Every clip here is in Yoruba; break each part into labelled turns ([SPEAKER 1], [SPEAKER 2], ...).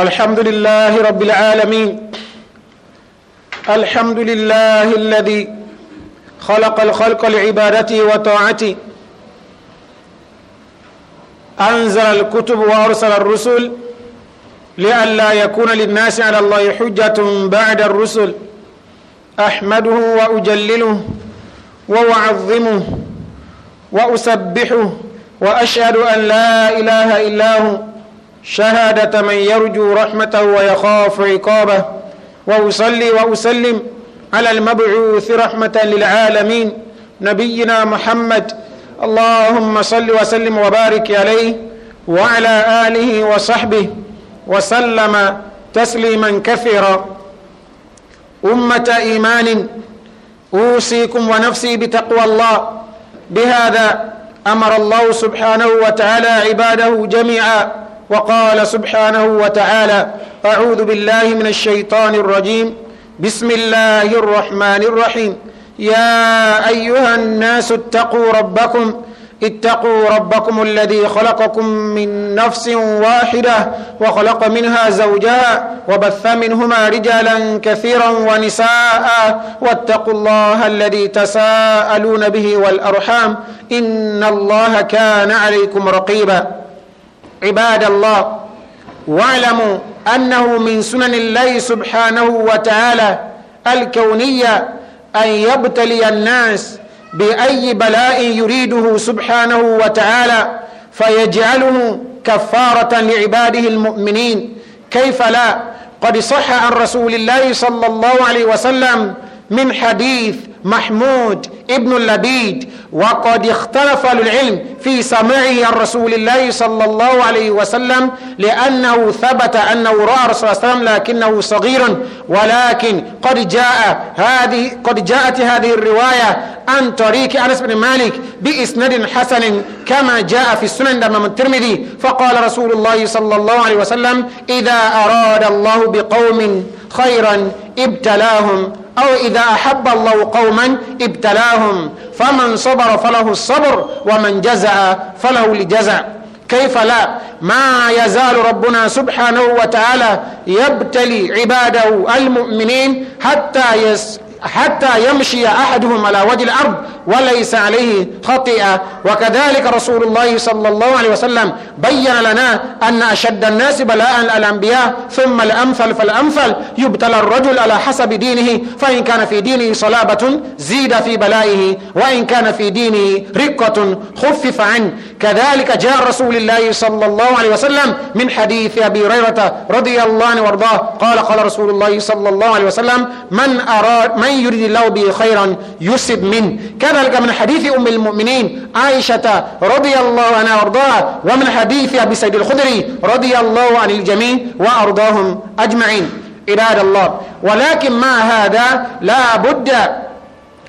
[SPEAKER 1] الحمد لله رب العالمين الحمد لله الذي خلق الخلق لعبادته وطاعته أنزل الكتب وأرسل الرسل لئلا يكون للناس على الله حجة بعد الرسل أحمده وأجلله وأعظمه وأسبحه وأشهد أن لا إله إلا هو شهادة من يرجو رحمته ويخاف عقابه وأصلي وأسلم على المبعوث رحمة للعالمين نبينا محمد اللهم صل وسلم وبارك عليه وعلى آله وصحبه وسلم تسليما كثيرا أمة إيمان أوصيكم ونفسي بتقوى الله بهذا أمر الله سبحانه وتعالى عباده جميعا وقال سبحانه وتعالى أعوذ بالله من الشيطان الرجيم بسم الله الرحمن الرحيم يا أيها الناس اتقوا ربكم اتقوا ربكم الذي خلقكم من نفس واحدة وخلق منها زوجا وبث منهما رجالا كثيرا ونساء واتقوا الله الذي تساءلون به والأرحام إن الله كان عليكم رقيباً عباد الله واعلموا أنه من سنن الله سبحانه وتعالى الكونية أن يبتلي الناس بأي بلاء يريده سبحانه وتعالى فيجعله كفارة لعباده المؤمنين كيف لا قد صح عن رسول الله صلى الله عليه وسلم من حديث محمود ابن اللبيد وقد اختلف العلم في سماعه عن رسول الله صلى الله عليه وسلم لأنه ثبت أنه رأى رسول الله صلى الله عليه وسلم لكنه صغير ولكن قد جاء هذه قد جاءت هذه الرواية عن طريق أنس بن مالك بإسناد حسن كما جاء في السنن امام الترمذي فقال رسول الله صلى الله عليه وسلم إذا أراد الله بقوم خيرا ابتلاهم أو إذا أحب الله قوما ابتلاهم فمن صبر فله الصبر ومن جزع فله الجزع كيف لا ما يزال ربنا سبحانه وتعالى يبتلي عباده المؤمنين حتى يس حتى يمشي أحدهم على وجه الأرض وليس عليه خطيئة وكذلك رسول الله صلى الله عليه وسلم بين لنا أن أشد الناس بلاء الأنبياء ثم الأمثل فالأمثل يبتلى الرجل على حسب دينه فإن كان في دينه صلابة زيد في بلائه وإن كان في دينه رقة خفف عنه كذلك جاء رسول الله صلى الله عليه وسلم من حديث أبي هريرة رضي الله عنه وارضاه قال قال رسول الله صلى الله عليه وسلم من أراد من ومن يريد الله به خيرا يصب منه كذلك من حديث أم المؤمنين عائشة رضي الله عنها وارضاها ومن حديث أبي سيد الخدري رضي الله عن الجميع وأرضاهم أجمعين عباد الله ولكن ما هذا لا بد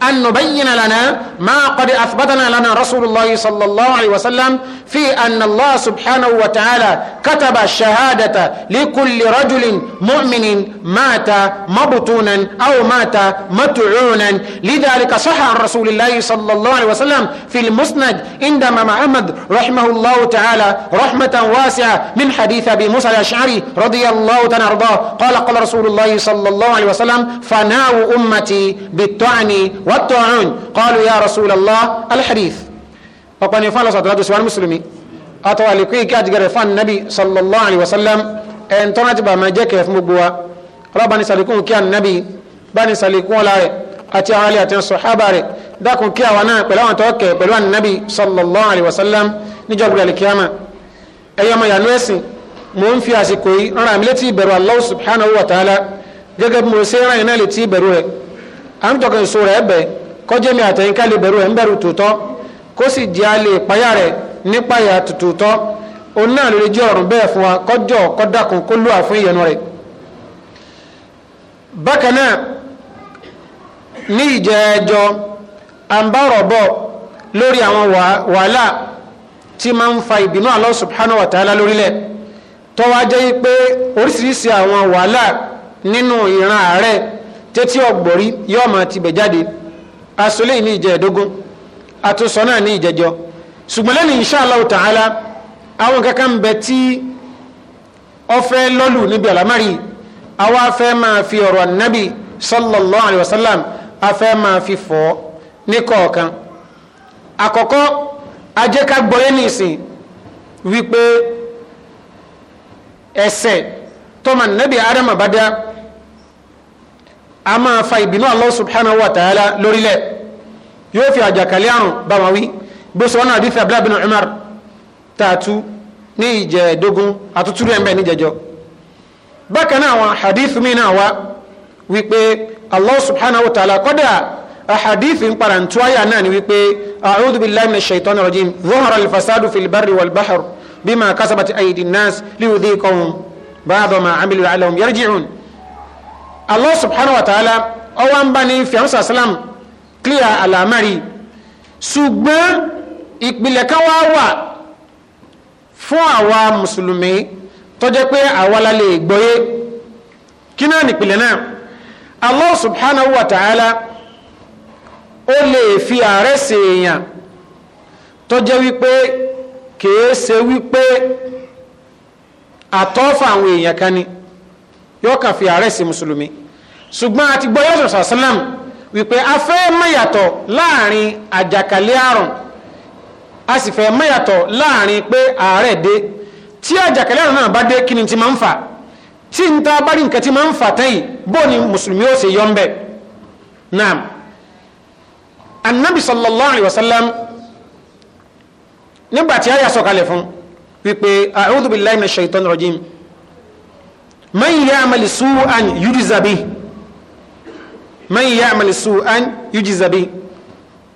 [SPEAKER 1] أن نبين لنا ما قد أثبتنا لنا رسول الله صلى الله عليه وسلم في أن الله سبحانه وتعالى كتب الشهادة لكل رجل مؤمن مات مبطونا أو مات متعونا لذلك صح عن رسول الله صلى الله عليه وسلم في المسند عندما محمد رحمه الله تعالى رحمة واسعة من حديث أبي موسى الأشعري رضي الله تعالى عنه قال قال رسول الله صلى الله عليه وسلم فناو أمتي بالطعن والطاعون قالوا يا رسول الله الحديث فقال يفعل صلى الله عليه وسلم مسلمي أطوالي كي كاتجر فان النبي صلى الله عليه وسلم أن تنجب ما جاك يفمقوا ربنا سلكون كي النبي بني سلكون لاري أتي علي أتي الصحابة dákun kí àwọn náà pẹ̀lú àwọn tọ́ọ̀kẹ̀ pẹ̀lú ànábì sallallahu alaihi wasallam níjọba alikiyama ẹ̀yọ́ ọmọ ìyànú ẹ̀sìn mò ń fi àsìkò yìí rán àmì létí ìbẹ̀rù Allah subhanahu wa ta'ala gẹ́gẹ́ bí mo ṣe rán iná létí ìbẹ̀rù rẹ̀ à ń tọkàn èso rẹ̀ bẹ̀ kọjá mi àtẹ̀yìn ká lè bẹ̀rù ẹ̀ ń bẹ̀rù tòótọ́ kó sì di alẹ́ ìpáyà rẹ̀ nípáyà tòótọ́ òun náà lè jẹ́ ọ̀rùn bẹ́ẹ̀ fún wa kọjọ́ kọ́dàkùn kó lù àfún ìyẹnu rẹ̀ bákan náà ní ìjẹ́jọ́ à ń bá ọ̀rọ̀ bọ̀ lórí àwọn wàhálà tí máa ń fa ìbínú Allah subhanahu wa ta'ala lórílẹ̀ tọ́wọ́ ajẹ́ yí pé oríṣiríṣi àwọn wàhálà nínú ìran àárẹ̀ tẹ́tí ọgbọ̀rí yóò máa tibẹ̀ jáde asọ́lé ní ìjẹ́ ẹ̀dógún àtúnsọ náà ní ìjẹjọ ṣùgbọ́n lẹ́nu insha Allah ta'ala àwọn kankan bẹ tí ọfẹ́ lọ́lù níbi àlámárì àwa afẹ́ máa fi ọ̀rọ̀ ànábì sallallahu alayhi wa sallam afẹ́ máa fi fọ́ ní kọ̀ọ̀kan àkọ́kọ́ ajẹ́ká gbọ́yé wípé ẹsẹ̀ tọ́mà nábì ádámà bá a máa fa ìbínú Allah subhanahu wa ta'ala lórílẹ̀ yóò fi àjàkálẹ̀ àrùn bá wọn wí gbèsè wọn àdìsí abdullahi bin umar tààtú ní ìjẹ̀ẹ́dógún àtútúrú ẹ̀ ń bẹ̀ níjẹjọ bákan náà àwọn hadith mi náà wá wípé allah subhanahu wa ta'ala kọ́dà ahadith ń para ntú àyà náà ni wípé a'udhu billahi minash shaitani rajim zuhara alfasadu fil barri wal bahr bima kasabati aydin nas liudhiqahum ba'da ma amilu la'allahum yarji'un Allah subhanahu wa ta'ala ọwọ́ ń bá ní fiyansa salam clear alamari ṣùgbọ́n ìpìlẹ̀ kan wá wà fún àwa mùsùlùmí tó jẹ́ pé àwa la lè gbọ́yé kí náà nìpìlẹ̀ náà Allah subhanahu wa ta'ala ó lè fi ààrẹ ṣe èèyàn tó jẹ́ wípé kìí ṣe wípé àtọ́fà àwọn èèyàn kan ni yóò kàn fi ààrẹ sí mùsùlùmí ṣùgbọ́n àti gbọ́ yọ́sọ̀ sàṣálàm wípé a fẹ́ mẹ́yàtọ̀ láàrin àjàkálẹ̀ àrùn a sì fẹ́ mẹ́yàtọ̀ láàrin pé ààrẹ dé tí àjàkálẹ̀ àrùn náà bá dé kí ni ti máa ń fà tí n ta bá rí nǹkan ti máa ń fà tẹ́yìn bó ni mùsùlùmí ó ṣe yọ ń bẹ̀ naam anabi sallallahu alayhi wa sallam nígbà tí a yà sọ̀kalẹ̀ fún wípé a'udhu billahi minash shaitanir rajim man ya'mal su'an yujza bihi man ya'mal su'an yujza bihi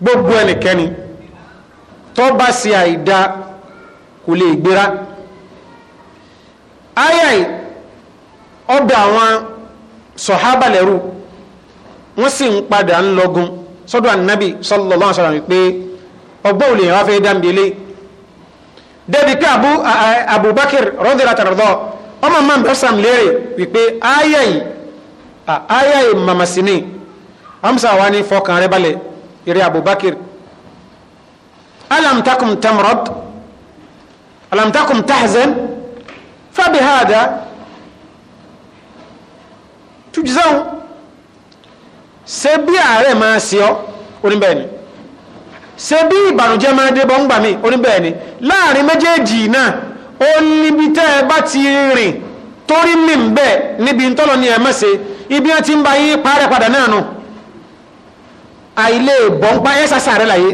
[SPEAKER 1] gbogbo ẹnikẹ́ni tó bá ṣe àìdá kò lè gbéra ayayi ọbẹ̀ àwọn sọ̀hábà lẹ́rù wọ́n sì ń padà ń lọ́gun sọ́dọ̀ ànábì sallallahu alaihi wasallam pé ọgbọ́n olè yẹn wá fẹ́ dáńbélé débi pé Abubakar ọmọ mọ́ bẹ́sàm lérè wípé ayayi ayayi mamasini amsa wa ni fọkàn rẹ balẹ̀ eré abubakar alam takum tamrod alam takum tahzan fabi hada tujzaun ṣe bí ààrẹ máa ṣe ọ oníbẹ̀ẹ́ni ṣe bí ìbànújẹ́ máa débọ̀ ń gbà mí oníbẹ̀ẹ́ni láàrin méjèèjì náà ó níbi tẹ́ ẹ bá ti rìn torí mi ń bẹ níbi tọ́lọ ni ẹ mẹ́sẹ̀ ibi wọn ti ń ba yín parẹ́ padà náà nù àìlè bọ́npa ẹ sàṣà rẹ láyé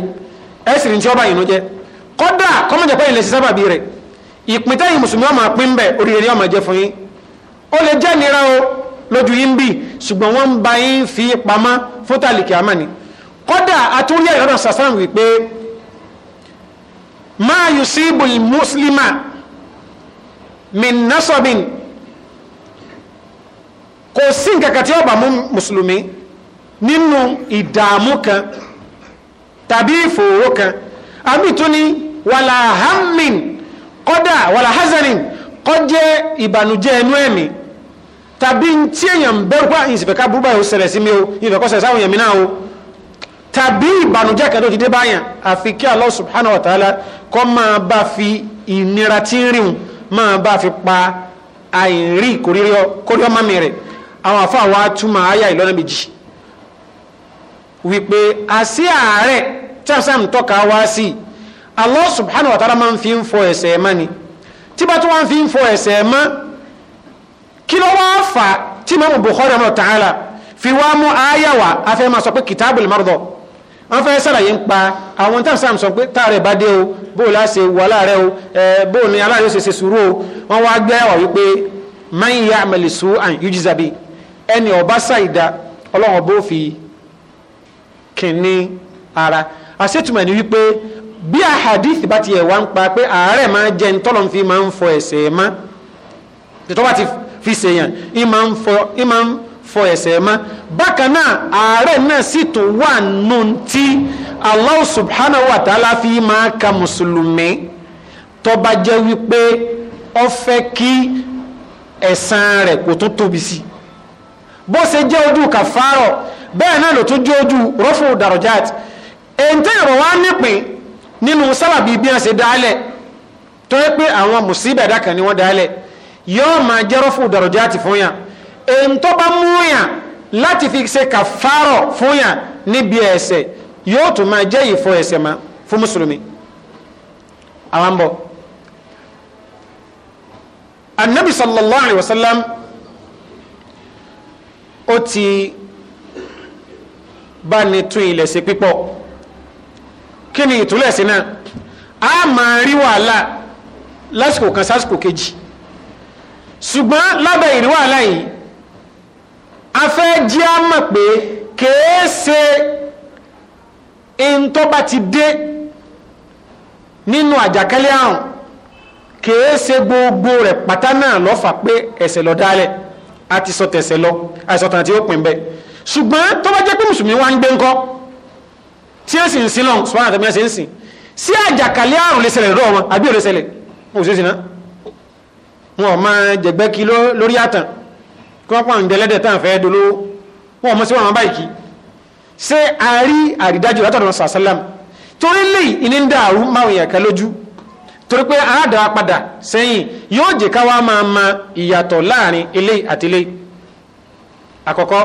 [SPEAKER 1] ẹ sì ní tí ọba yìí ló jẹ kọ́dà kọ́mọ̀jẹ̀ pé ìlẹ̀ sí sábàbí rẹ̀ ìpín tẹ́yìn mùsùlùmí ọmọ pín bẹ̀ oríire ni ọmọ jẹ fún yín ó lè jẹ́ nira o lójú yín bì ṣùgbọ́n wọ́n ń ba yín fi pamọ́ fún tàlìkì kọ́dà àtúnyẹ̀ ìrọ̀rùn sàṣà wípé máa yusibu muslima min nasabin kò sí nǹkankan tí ó bá mú mùsùlùmí nínú ìdààmú kan tàbí ìfòòró kan àbí tó ní wàlà hammin kódà wàlà hazanin kó jẹ́ ìbànújẹ́ ẹnu ẹ̀mí tàbí tí èèyàn ń bẹ̀rù pa ah, ìsìnfẹ̀ká burúkú yóò ṣẹlẹ̀ sí mi o ìfẹ̀kọ́ ṣẹlẹ̀ sáwọn èèyàn o tàbí ìbànújẹ́ kan tó ti dé báyàn àfi kí Allah subhanahu wa ta'ala kó máa bá fi ìnira tí ń rìn máa bá fi pa àìrí kórìọ́ mami rẹ̀ àwọn àfa wa túmọ̀ àyà ìlọ́nà méjì wípé àsí àárẹ̀ tí a sáà ń tọ́ka wá sí Allah subhanahu wa ta'ala máa ń fi ń fọ ẹ̀ṣẹ̀ ẹ̀ mọ́ ni tí bá tí wọ́n fi ń fọ ẹ̀ṣẹ̀ ẹ̀ kí ló wáá fà tí Imam Bukhari ọmọ Ta'ala fi wá mú àyà wa afẹ́ máa sọ pé kitabul mardọ wọ́n fẹ́ sàlàyé ń pa àwọn tá sam sọ pé táàrẹ̀ bá dé o bóò láṣẹ wà láàrẹ̀ o bóò ní aláàrẹ̀ ṣe ṣe sùúrù o wọ́n wá gbé ọ̀ wípé man ya'mal su'an yujza bi ẹni ọba ṣàìdá ọlọ́run bó fi kìnní ara àṣetùmọ̀ ni wípé bí ahadith bá ti ẹ̀wà ń pa pé àárẹ̀ máa jẹ́ ntọ́lọ̀ fi máa ń fọ ẹ̀sẹ̀ mọ́ tètè wá ti fi ṣèyàn ìmáa ń fọ ìmáa ń fọ fọ ẹsẹ̀ mọ́ bákan náà ààrẹ náà sì tún wà nù tí Allah subhanahu wa ta'ala fi máa ka mùsùlùmí tó bá jẹ́ wípé ó fẹ́ kí ẹ̀san rẹ̀ kò tún tóbi sí bó ṣe jẹ́ ojú kàfárọ̀ bẹ́ẹ̀ náà ló tún jẹ́ ojú rọ́fù dàrọ̀jáàt èntẹ́ ìrọ̀ wá nípìn nínú sábàbí bí wọ́n ṣe dálẹ̀ tó yẹ pé àwọn mùsíbà kan ni wọ́n dálẹ̀ yóò máa jẹ́ rọ́fù dàrọ̀jáàt fún yàn èyí tó bá múyàn láti fi ṣe kàfárọ̀ fúnyàn níbi ẹ̀ṣẹ̀ yóò tún máa jẹ́ ìfọ ẹ̀ṣẹ̀ ma fún mùsùlùmí àwọn bọ̀ annabi sallallahu alaihi wasallam ó ti bá ní tún ilẹ̀ sí pípọ̀ kí ni ìtúlẹ̀ sí náà a máa rí wàhálà lásìkò kan sásìkò kejì ṣùgbọ́n lábẹ́ ìrí wàhálà yìí afẹ́ jí a mọ̀ pé kèé ṣe in tó bá ti dé nínú àjàkálẹ̀ àrùn kèé ṣe gbogbo rẹ̀ pátá náà lọ́fà pé ẹ̀ṣẹ̀ lọ dálẹ̀ àti sọ tẹ̀sẹ̀ lọ àìsọ̀tàn tí ó pín bẹ́ẹ̀ ṣùgbọ́n tó bá jẹ́ pé mùsùlùmí wá ń gbé ńkọ́ tí ó sì ń sin lọ́n sọ́nà àtàmì ẹ̀sìn ń sìn sí àjàkálẹ̀ àrùn lè ṣẹlẹ̀ lọ́wọ́ àbí ò lè ṣẹlẹ̀ wọn ò sí sí náà wọn ò máa jẹ̀gbẹ́ kí lórí àtàn kọ́pọ̀ ń dẹlẹ́dẹ̀ tán fẹ́ dolówó wọn mọ́ sí wọn báyìí kí ṣé a rí àrídájú látọ̀dọ̀ sàṣálàm torí lè ìní ń dàrú máwọn èèyàn kan lójú torí pé a dá padà sẹ́yìn yóò jẹ́ ká wá máa ma ìyàtọ̀ láàrin ilé àti ilé àkọ́kọ́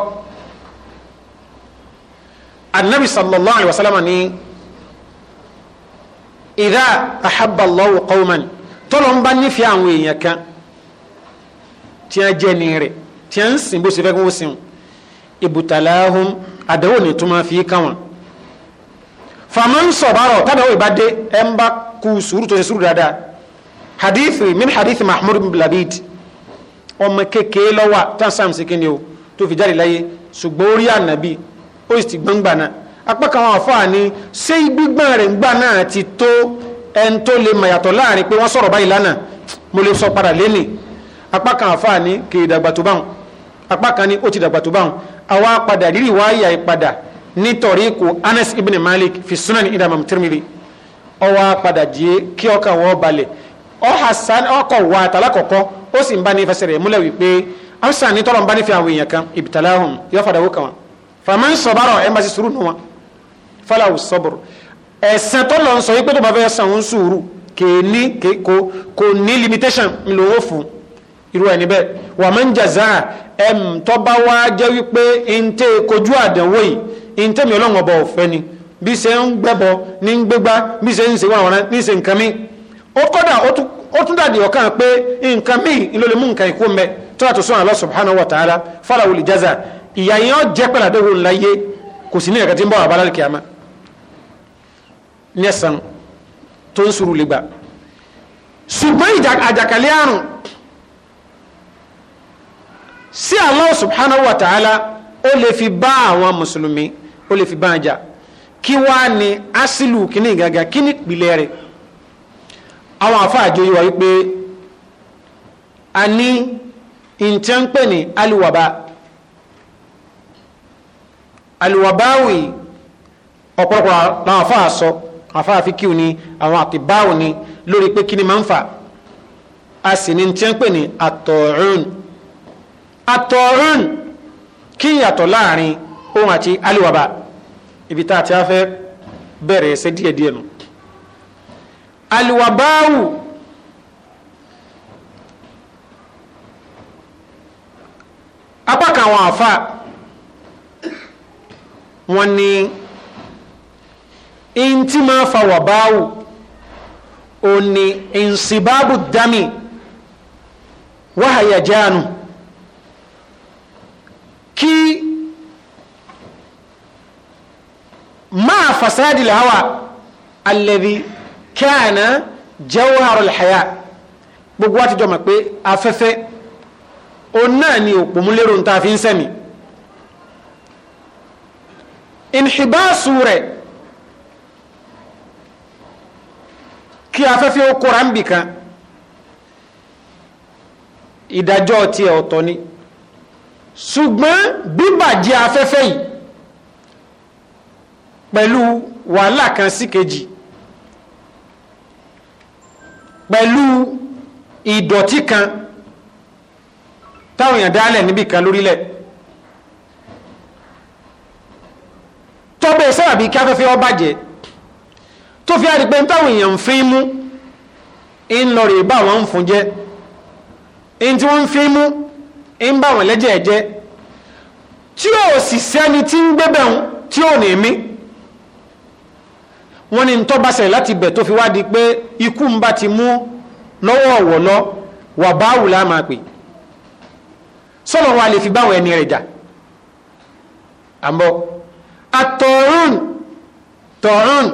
[SPEAKER 1] anabi sallallahu alaihi wasallam ni ìdá ahabbalahu qauman tọ́lọ́ ń bá nífẹ̀ẹ́ àwọn èèyàn kan tí a jẹ́ ní rẹ̀ tí a ń sìn bó ṣe fẹ́ kó sìn ibùtàláhùn àdánwò ní tó máa fi kàn wọ́n fàmọ́ ń sọ̀bárọ̀ tàbí ìbá dé ẹ ń bá kú sùúrù tó ṣe sùúrù dáadáa hadithi min hadithi mahmud bin labid ọmọ kékeré lọ́wọ́ tán sam sí kíni o tó fi jáde láyé ṣùgbọ́n orí ànàbí ó sì ti gbọ́ngbà náà apá kan àwọn àfáà ni ṣé gbígbọ́n rẹ̀ ńgbà náà ti tó ẹni tó lè màyàtọ̀ láàrin pé wọ́n sọ̀rọ̀ báyìí lánàá mo lè sọ padà lénìí apá kan àfáà ni kì í dàgbà tó báwọn apá kan ní ó ti dàgbà tó báwọn àwa padà rírì wáyà ìpadà nítorí kò Anas ibn Malik fi sunan idamam Tirmidhi ọwọ́ padà jẹ́ kí ọkàn wọ́n balẹ̀ ọkọ̀ wà àtàlákọ̀kọ́ ó sì ń bá ní fẹsẹ̀ rẹ̀ múlẹ̀ wípé hausa ní tọ́lọ̀ ń bá ní fi àwọn èèyàn kan ibtalahum yóò fàdáwó kan wọn fàmà ń sọ̀bárọ̀ ẹ̀ ń bá sì sùúrù nù wọn fọláwù sọ́bùrù ẹ̀sán tọ́lọ̀ ń sọ wípé tó bá fẹ́ sàn ń sùúrù kò ní limitation ńlọ́wọ́ fún un irú ẹni bẹ́ẹ̀ wà máa ń jàzá ẹm tó bá wá jẹ́ wípé ntẹ́ kojú àdánwò yìí ntẹ́ mi ọlọ́run ọba ọ̀fẹ́ ni bí ṣe ń gbẹ́bọ ní gbégbá bí ṣe ń ṣe wọn àwọn ní ṣe nǹkan mi ó kọ́dà ó tún dàdí ọ̀kan pé nǹkan mi ló lè mú nǹkan ìkú mẹ́ tó yàtọ̀ sọ́nà Allah subhanahu wa ta'ala fáráwò lè jàzá ìyá yẹn ó jẹ́ pẹ̀lú àdéhùn láyé kò sí ní ẹ̀ka sí Allah subhanahu wa ta'ala ó lè fi bá àwọn mùsùlùmí ó lè fi bá jà kí wá ní asilu kíní gàgà kíní ìpìlẹ̀ rẹ̀ àwọn àfáàjò yìí wà wípé a ní ìtẹ́ńpẹ̀ ní aliwaba aliwabawi ọ̀pọ̀lọpọ̀ àwọn àfáà sọ àfáà fi kíw ni àwọn àtibáwò ni lórí pé kíní máa ń fà a sì ní ìtẹ́ńpẹ̀ ní àtọ̀rún àtọ̀rún kí ìyàtọ̀ láàrin ohun àti aliwaba ibi tá a ti fẹ́ bẹ̀rẹ̀ ẹsẹ̀ díẹ̀díẹ̀ nù aliwabáwù apá kan àwọn àfa wọn ni ntí máa fa wàbáwù òní nsibábù dami wàhàyà jáánu kí máa fasádìl hawa alladhi kana jawharul haya gbogbo wa ti jọ mọ̀ pé afẹ́fẹ́ o náà ni òpòmúlérò ń ta fi ń sẹ́mi inhibasu rẹ̀ kí afẹ́fẹ́ ó kóra ń bìkan ìdájọ́ tiẹ̀ ọ̀tọ̀ ni ṣùgbọ́n bíbàjẹ́ afẹ́fẹ́ yìí pẹ̀lú wàhálà kan sí kejì pẹ̀lú ìdọ̀tí kan táwọn èèyàn dálẹ̀ níbì kan lórílẹ̀ tọ́bẹ̀ sábàbí kí afẹ́fẹ́ ó bàjẹ́ tó fi àrí pé táwọn èèyàn ń fi mú ń lọ rè bá wọn ń fún jẹ́ ń tí wọ́n ń fi mú ń bá wọn lẹ́jẹ̀ jẹ́ tí ó sì sẹ́ni tí ń gbé bẹ̀rún tí ó ní mí wọ́n ní tó bá ṣẹlẹ̀ láti bẹ̀ tó fi wá di pé ikú ń bá ti mú lọ́wọ́ ọ̀wọ̀ lọ wà báwù la máa pè sọ́lọ́ wa lè fi báwọn ẹni rẹ̀ jà àmọ́ àtọ̀rún tọ̀rún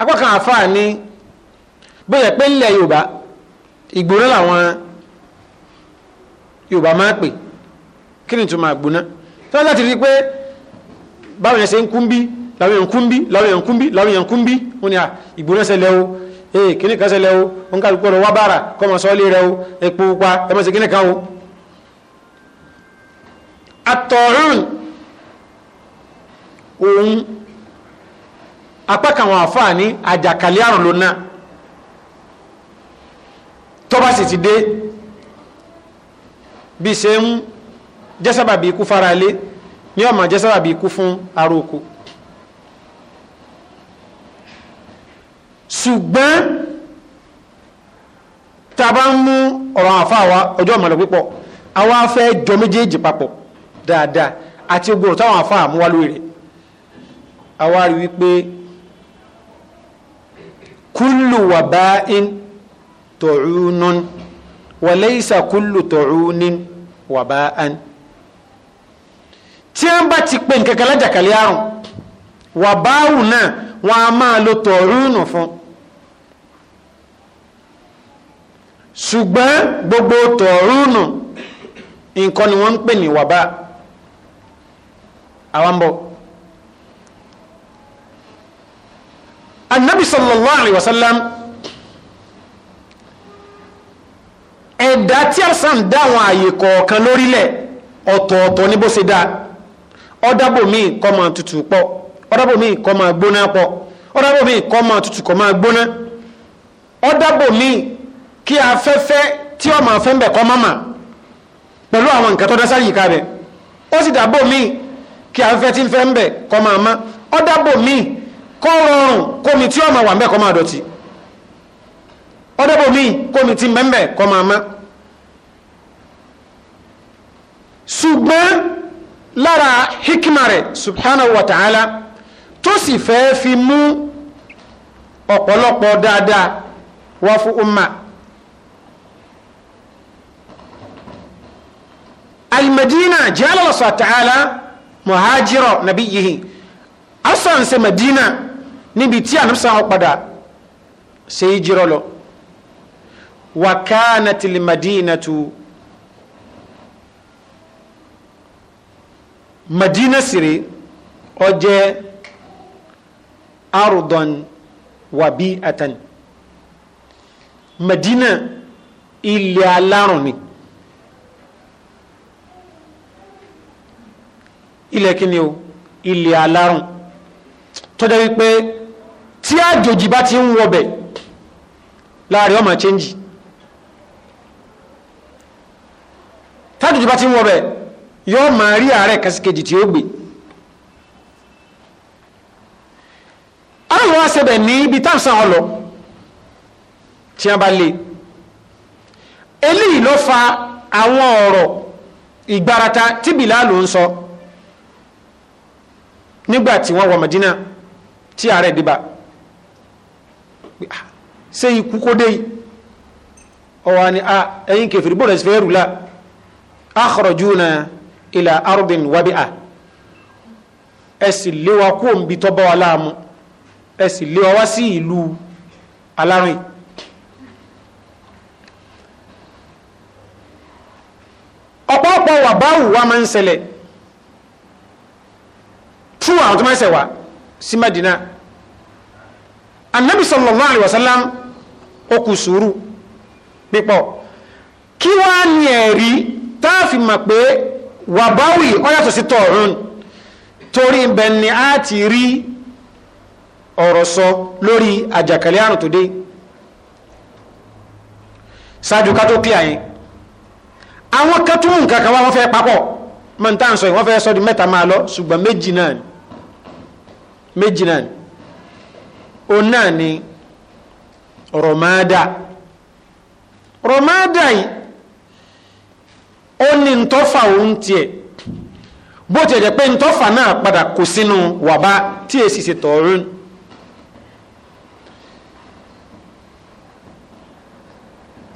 [SPEAKER 1] apá kan àfáà ní bóyá pé ńlẹ̀ Yorùbá ìgboro làwọn yorùbá máa pè kí ni tó máa gbóná tó láti rí pé báwọn yẹn ṣe ń kúmbí láwọn yẹn ń kúmbí láwọn yẹn ń kúmbí láwọn yẹn ń kúmbí wọn ni à ìgbóná ṣẹlẹ̀ o ee kí ni kan ṣẹlẹ̀ o wọn kà lóko rẹ wá bàrà kọ́ ọmọ sọ́ọ́lì rẹ o epo pupa ẹ má ṣe kí ni kan o. àtọ̀rùn òun apá kan àwọn àfààní àjàkálẹ̀ àrùn lónà tó bá sì ti dé bí ṣe ń jẹ́sábàbí ikú fara ilé ní ọmọ jẹ́sábàbí ikú fún ara oko ṣùgbọ́n tá a bá ń mú ọ̀rọ̀ àfa wa ọjọ́ ọmọlẹ̀ púpọ̀ àwa fẹ́ jọ méjèèjì papọ̀ dáadáa àti ogun táwọn àfa àmúwá lórí rẹ̀ àwa rí wípé kullu waba'in tu'unun wa laysa kullu tu'unin wabaan tí wọ́n bá ti pè nǹkan kan lájàkálẹ̀ àrùn wàbáwù náà wọ́n a máa lo tọ̀rúnù fún ṣùgbọ́n gbogbo tọ̀rúnù nǹkan ni wọ́n ń pè ní wàbá àwọn bọ̀ annabi sallallahu alaihi wasallam ẹ̀dá tí àṣàm dá àwọn àyè kọ̀ọ̀kan lórílẹ̀ ọ̀tọ̀ọ̀tọ̀ ní bó ṣe dáa ọ̀dàbò kọ́ máa tutù pọ̀ ọ̀dàbò kọ́ máa gbóná pọ̀ ọ̀dàbò kọ́ máa tutù kọ́ máa gbóná kí afẹ́fẹ́ tí ọ máa fẹ́ ń bẹ̀ kọ́ máma pẹ̀lú àwọn nǹkan tó yìí ó sì kí afẹ́fẹ́ tí ń fẹ́ ń bẹ̀ kọ́ máa má kọ́ rọrùn kómi tí ọ máa wà ń bẹ̀ kọ́ máa dọ̀tí ọdẹ́bò míì kómi ti mẹ́mẹ́ kọ́ máa má ṣùgbọ́n lára hikima rẹ̀ subhanahu wa ta'ala tó sì fẹ́ fi mú ọ̀pọ̀lọpọ̀ dáadáa wá fún umma almadina jẹ́lọ́lọ́ sọ ta'ala muhajirọ̀ nàbí yìí asọ̀nsẹ̀ madina níbi tí a nípsà ọ̀padà sí jírọ̀ lọ وكانت المدينة Madina سري أجي أرضا وبيئة مدينة إلي Madina ilẹ̀ kí ni o ilẹ̀ alárùn tọ́jọ́ wípé tí àjòjì bá ti ń wọbẹ̀ láàrin ọmọ chẹ́ńjì tájùjú bá ti ń wọ bẹ yóò máa rí ààrẹ kẹsìkejì tí ó gbé aláwọ̀ wá sẹ́bẹ̀ ní ibi táǹsán ọlọ tí a bá lè eléyìí ló fa àwọn ọ̀rọ̀ ìgbarata tí Bìláàlù ń sọ nígbà tí wọ́n wọ Mẹdínà tí ààrẹ dìbà ṣé ikú kó dé ọwọ́ ni ah, ẹ̀yìn kẹfìrí bọ́ọ̀lù ẹ̀sìn fẹ́ẹ́ rù akhrajuna ila ardin wabi'a ẹ sì lé wa kó nbi tó bá wa láàmú ẹ sì lé wa wá sí ìlú alárin ọ̀pọ̀lọpọ̀ wà báwù wa máa ń ṣẹlẹ̀ fún àwọn tó máa ń ṣẹ̀ sí Madina annabi sallallahu alaihi wasallam ó kù sùúrù pípọ̀ kí wàá ní ẹ̀rí táàfì mọ̀ pé wàbáwì ó yàtọ̀ sí tọ̀run torí ibẹ̀ ni a ti rí ọ̀rọ̀ sọ lórí àjàkálẹ̀ àrùn tó dé ṣáájú ká tó kílẹ̀ yẹn àwọn kan tún nǹkan wá wọ́n fẹ́ papọ̀ mọ̀ntán wọ́n fẹ́ sọ di mẹ́ta máa lọ ṣùgbọ́n méjì náà ni méjì náà ni òun náà ni rọ̀mádà rọ̀mádà yìí ó ní ntọ́fà òun tiẹ̀ bó tiẹ̀ jẹ́ pé ntọ́fà náà padà kò sínú wàbá tí èsì ṣe tọ̀ọ́rún.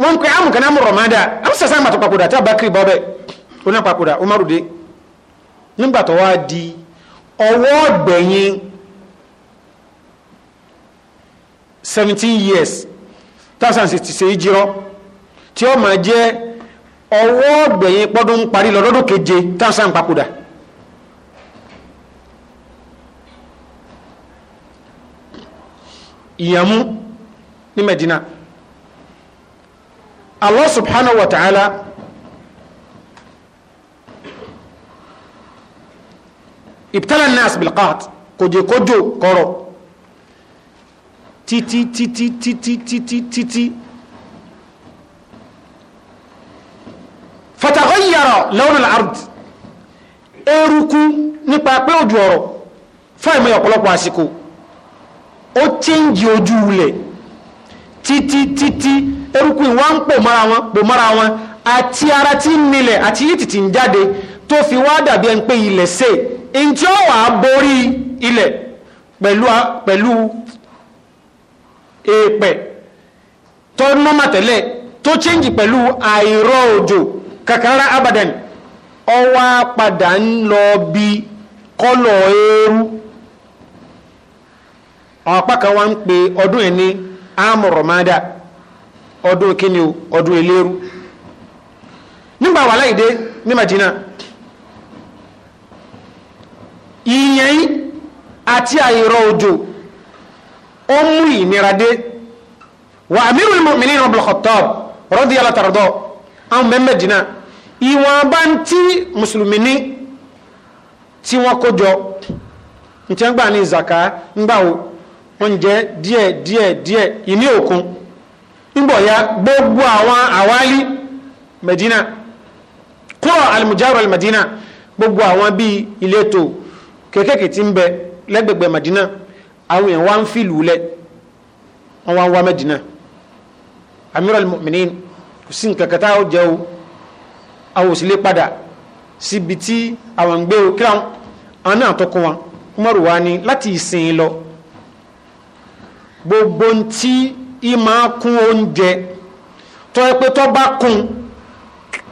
[SPEAKER 1] wọ́n ń pe amúkan náà mọ̀rọ̀ a bá kiri bọ́ bẹ́ẹ̀ ó náà papòdà ó máa rùdé nígbà tó wá di ọwọ́ ọ̀gbẹ̀yìn 17 years 166 jírọ́ tí ó máa jẹ́ ọwọ́ ọ̀gbẹ̀yìn pọ́dún parí lọ lọ́dún keje tánṣán papòdà ìyàmú ní Medina Allah subhanahu wa ta'ala ibtala nas bilqaat kòjèkójò kọ̀rọ̀ títí títí títí títí títí lọ́rùn àrùd eruku nípa pé ojú ọ̀rọ̀ fáìmù ọ̀pọ̀lọpọ̀ àsìkò ó chẹ́ǹjì ojú ulẹ̀ títí títí eruku ìwọ́n ń pò mara wọn pò mara wọn àti ara tí ń nílẹ̀ àti yìí tìtì ń jáde tó fi wá dàbí ẹni pé ilẹ̀ sè ń tí ó wà á borí ilẹ̀ pẹ̀lú èèpẹ̀ tó nọ́mà tẹ́lẹ̀ tó chẹ́ǹjì pẹ̀lú àìrọ̀ òjò kàkàrà abadan ọwọ́ padà ń lọ bí kọ́lọ̀ eérú àwọn apá kan wá ń pe ọdún ẹ̀ ní amọ̀rọ̀mádà ọdún kíni o ọdún eléérú nígbà wà láìdé ní Madina ìyẹn àti àìrọ̀ òjò ó mú ìnira wà Amirul Mu'minin Ibn Khattab radiyallahu anhu àwọn mẹ́mẹ́dínà ìwọ̀n bá ń tí mùsùlùmí ní tí wọ́n kó jọ ní tí wọ́n gbà ní ìzàká ń gbà ó wọ́n jẹ́ díẹ̀ díẹ̀ díẹ̀ ìní òkun nígbọ̀ ya gbogbo àwọn àwálí Medina kúrò alìmùjárò alìmàdínà gbogbo àwọn bíi ìletò kéékèèké tí ń bẹ lẹ́gbẹ̀gbẹ̀ Medina àwọn èèyàn wá ń fìlú lẹ̀ wọ́n wá ń wá Medina Amirul Mu'minin kò sí nǹkan kẹta ó jẹ́ o àwọn òsì lè padà síbi tí àwọn ń gbé o kíra àwọn náà tọkọ wọn Umaru wa ni láti ìsìn lọ gbogbo ntí ìmọ̀ kún oúnjẹ tọ́ ẹ pé tọ́ bá kún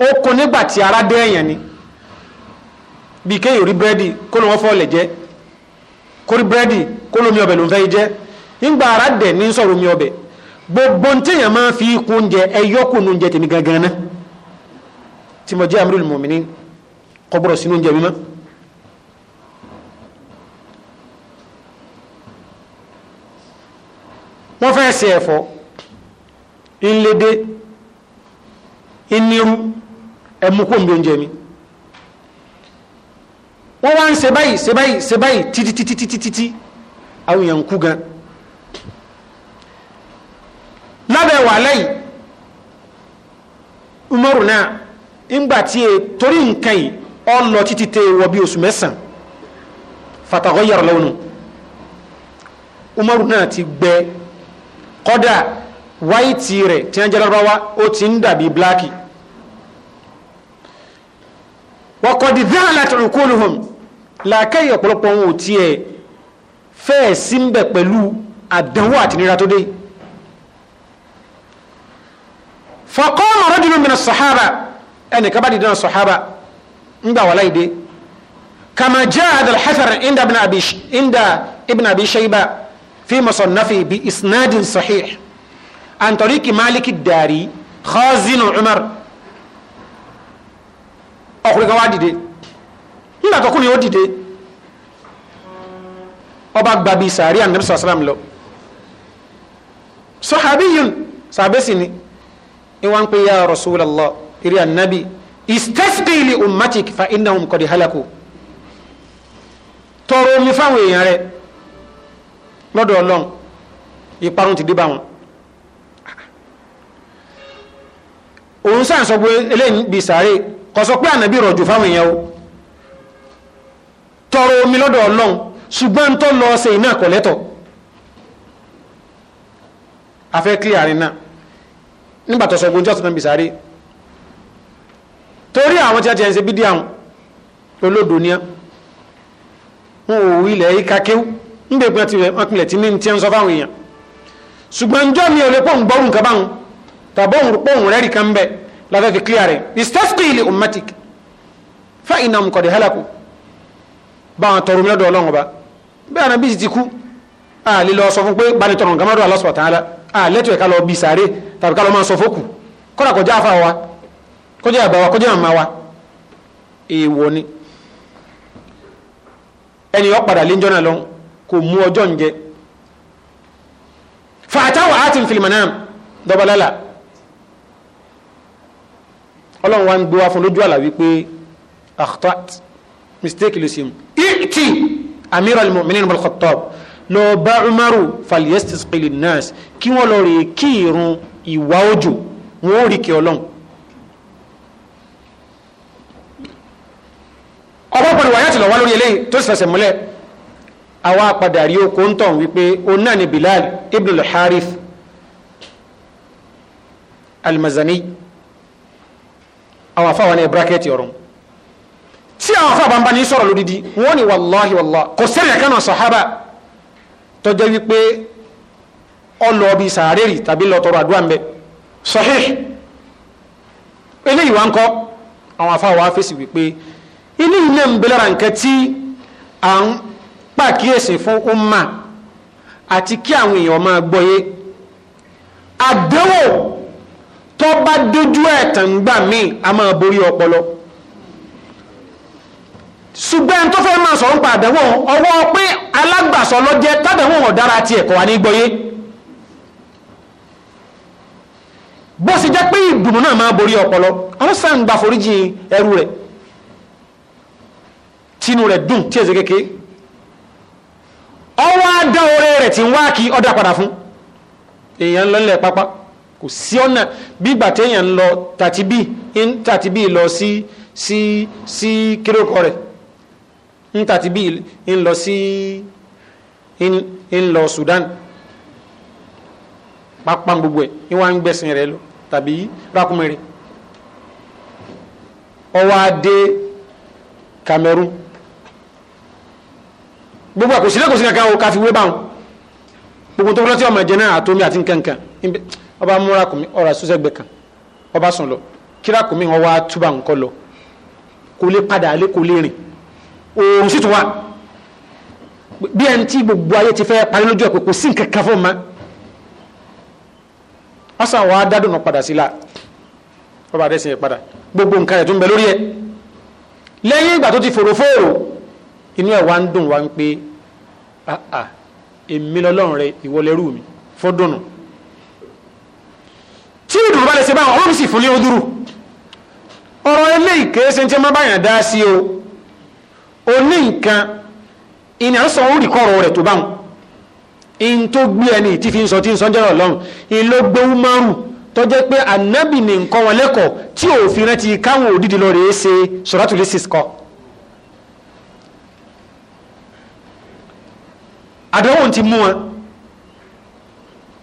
[SPEAKER 1] ó kún nígbà tí ara dé èèyàn ni bí kéèyàn rí búrẹ́dì kó ló wọ́n fọ́ ọ̀lẹ̀ jẹ́ kó rí búrẹ́dì kó lómi ọbẹ̀ ló ń fẹ́ jẹ́ ńgbà ara dẹ̀ ní sọ̀rọ̀ omi ọbẹ̀ gbogbo ntí èèyàn máa fi kún oúnjẹ ẹ yọkùn oúnjẹ tèmi gangan náà tí mo jẹ́ amirul mu'minin kò gbọ́dọ̀ sínú oúnjẹ mímọ́ wọ́n fẹ́ ṣe ẹ̀fọ́ ńlédé ńnirú ẹ̀mùkú òǹbí oúnjẹ mi wọ́n wá ń ṣe báyìí ṣe báyìí ṣe báyìí títí títí títí títí àwọn èèyàn kú gan lábẹ́ wàhálà yìí umaru náà n'gbaate yi ntorí nkaị ọ nọchitee wọ bịọ o suné saan fatago yára la umaru nana ti gbà koda wà ị tiere tìnyerewa o tì n-dab bilaaki wakọdivi alakịrịukọ ọ nọ họm làkà ị ga kpọrọ o tia yi fee simba pẹlu a dawa tinratode fakọọ ụra juru mere sahara. ẹnìkan bá dìde náà sọ̀hábà ńgbà wà láìdé kama jẹ́ adal hathar inda ibn abi shayba fi musannafi bi isnadin sahih an tariki maliki dari khazinu umar ọkùnrin kan wá dìde nígbà tó kúrin ó dìde ọba gbàbí sàárì ànàbí sàlám lọ sọ̀hábíyùn sàbẹ́sì ni ìwọ̀n pé ya rasulallah eré anabi istasqi li ummatik fa innahum qad halaku tọrọ omi fáwọn èèyàn rẹ lọ́dọ̀ Ọlọ́run ìparun ti dé bá wọn òun sáà sọ pé eléyìí bí sáré kò sọ pé ànábì rọ̀jò fáwọn èèyàn o tọrọ omi lọ́dọ̀ Ọlọ́run ṣùgbọ́n tó lọ ṣe iná kọ̀lẹ́tọ̀ afẹ́ kílíàrin náà nígbà tó sọ pé ojú ọ̀sán bí sáré torí àwọn tí a ti ẹ̀ ń ṣe olódò ní wọn ò wí ilẹ̀ ń bè pín tí ní ti ń sọ fáwọn èèyàn ṣùgbọ́n jọ́ mi ò lè pọ̀n gbọ́rùn kan báwọn tàbọ̀n pọ̀n rẹ́rì kan bẹ̀ lábẹ́ fi clear rẹ̀ istafqi li ummatik fa innahum qad halaku báwọn tọrọ mi ọlọ́run ọba bí ti kú lọ sọ fún pé bani tọrọ kọjá àbáwá kọjá àmà wa èèwọ̀ ni ẹni ọ padà lé jọ́nà lọ kò mú ọjọ́ ń jẹ fàtàwà á ti ń fìlìmọ̀ náà dọ́balálà ọlọ́run wa ń gbé fún lójú àlà wípé akhtat mistake ló sì mú ìtì amir al-mu'minin ibn lọ bá umaru falyestis qilin nas kí wọ́n lọ rè kí irun ìwà òjò rí kí ọlọ́run ọ̀pọ̀pọ̀ ìwà yàtì lọ wá lórí eléyìí tó sì fẹsẹ̀ múlẹ̀ àwa padà rí oko ń tàn wípé òun náà ni Bilal ibn al-Harith al-Mazani àwọn afáwọn ní bírákẹ́tì ọ̀run tí àwọn afáwọn bá sọ̀rọ̀ lódìdí wọ́n ni wàláhi wàláhi kò sẹ́rìn ẹ̀kan náà sàhábà tó jẹ́ wípé ọlọ́ọ̀bí sàárèrì tàbí lọ́tọ̀rọ̀ àdúrà ń bẹ eléyìí wá ń kọ́ àwọn afáwọn wá wípé inú ilé ń bẹ lára nǹkan tí à ń pàkíyèsí fún umma àti kí àwọn èèyàn máa gbọ́yé àdéwò tó bá dójú ẹ̀tàn gbà míì a máa borí ọpọlọ ṣùgbọ́n tó fẹ́ máa sọ̀rọ̀ ń pa àdánwò ọwọ́ pé alágbàsọ lọ jẹ́ ọ̀dára ti ẹ̀kọ́ wa ní gbọ́yé bó sì jẹ́ pé ìdùnnú náà máa borí ọpọlọ àwọn sáà ń gba foríjì ẹrú rẹ̀ tínú rẹ̀ dùn tí èsè kéke ọwọ́ adá oore rẹ̀ tí ń wá kí ọdá padà fún èèyàn lọ́lẹ̀ pápá kò sí ọ̀nà bí téèyàn lọ tàti bí ń tàti bí lọ sí sí sí rẹ̀ ń lọ sí ń lọ Sudan pápá gbogbo ẹ̀ ń wá ń gbẹ̀sìn rẹ̀ lọ tàbí rákùnmẹ́rin gbogbo àkòsí lẹ́kọ̀ọ́ sí kankan o ká fi wé báwọn gbogbo tó lọ́tí ọmọ ẹ̀jẹ̀ náà àtomi àti nkankan ọba múra kùmí ọ̀rọ̀ àsúnṣẹ́gbẹ̀ kan ọba sùn lọ kíra kùmí wọn wá túbà nǹkan lọ kò lè padà alẹ́ kò lè rìn òòrùn sì tún wá bí ẹni tí gbogbo ayé ti fẹ́ parí lójú ẹ̀ kò sí nkankan fún ma ọ̀sán wa dádùn padà sí la ọba adẹ́sìn yẹn padà gbogbo nǹkan rẹ̀ tún bẹ lórí ẹ lẹ́yìn ìgbà tó ti fòròfòrò inú ẹ̀ wá ń dùn wá ń pé àà ah, ah, èmi lọ́lọ́run rẹ ìwọ lẹ́rú mi fọ́dùnù tí ìdùnnú bá lè ṣe báwọn ọlọ́run sì fún ní ọdúrú ọ̀rọ̀ eléyìí kèé ṣe tí wọ́n bá yàn dá sí o ò ní nǹkan ìní à ń sọ orí kọ́rọ̀ rẹ̀ tó báwọn in tó gbé ẹni tí fi ń sọ tí ń sọ jẹ́rọ̀ ọlọ́run in ló gbé umaru tó jẹ́ pé ànábì ní nǹkan wọn lẹ́kọ̀ọ́ tí òfin rẹ ti káwọn òdìdí lọ rèé ṣe sọ̀rọ̀tùlẹ́sìs kọ́ àdánwò ti mú wọn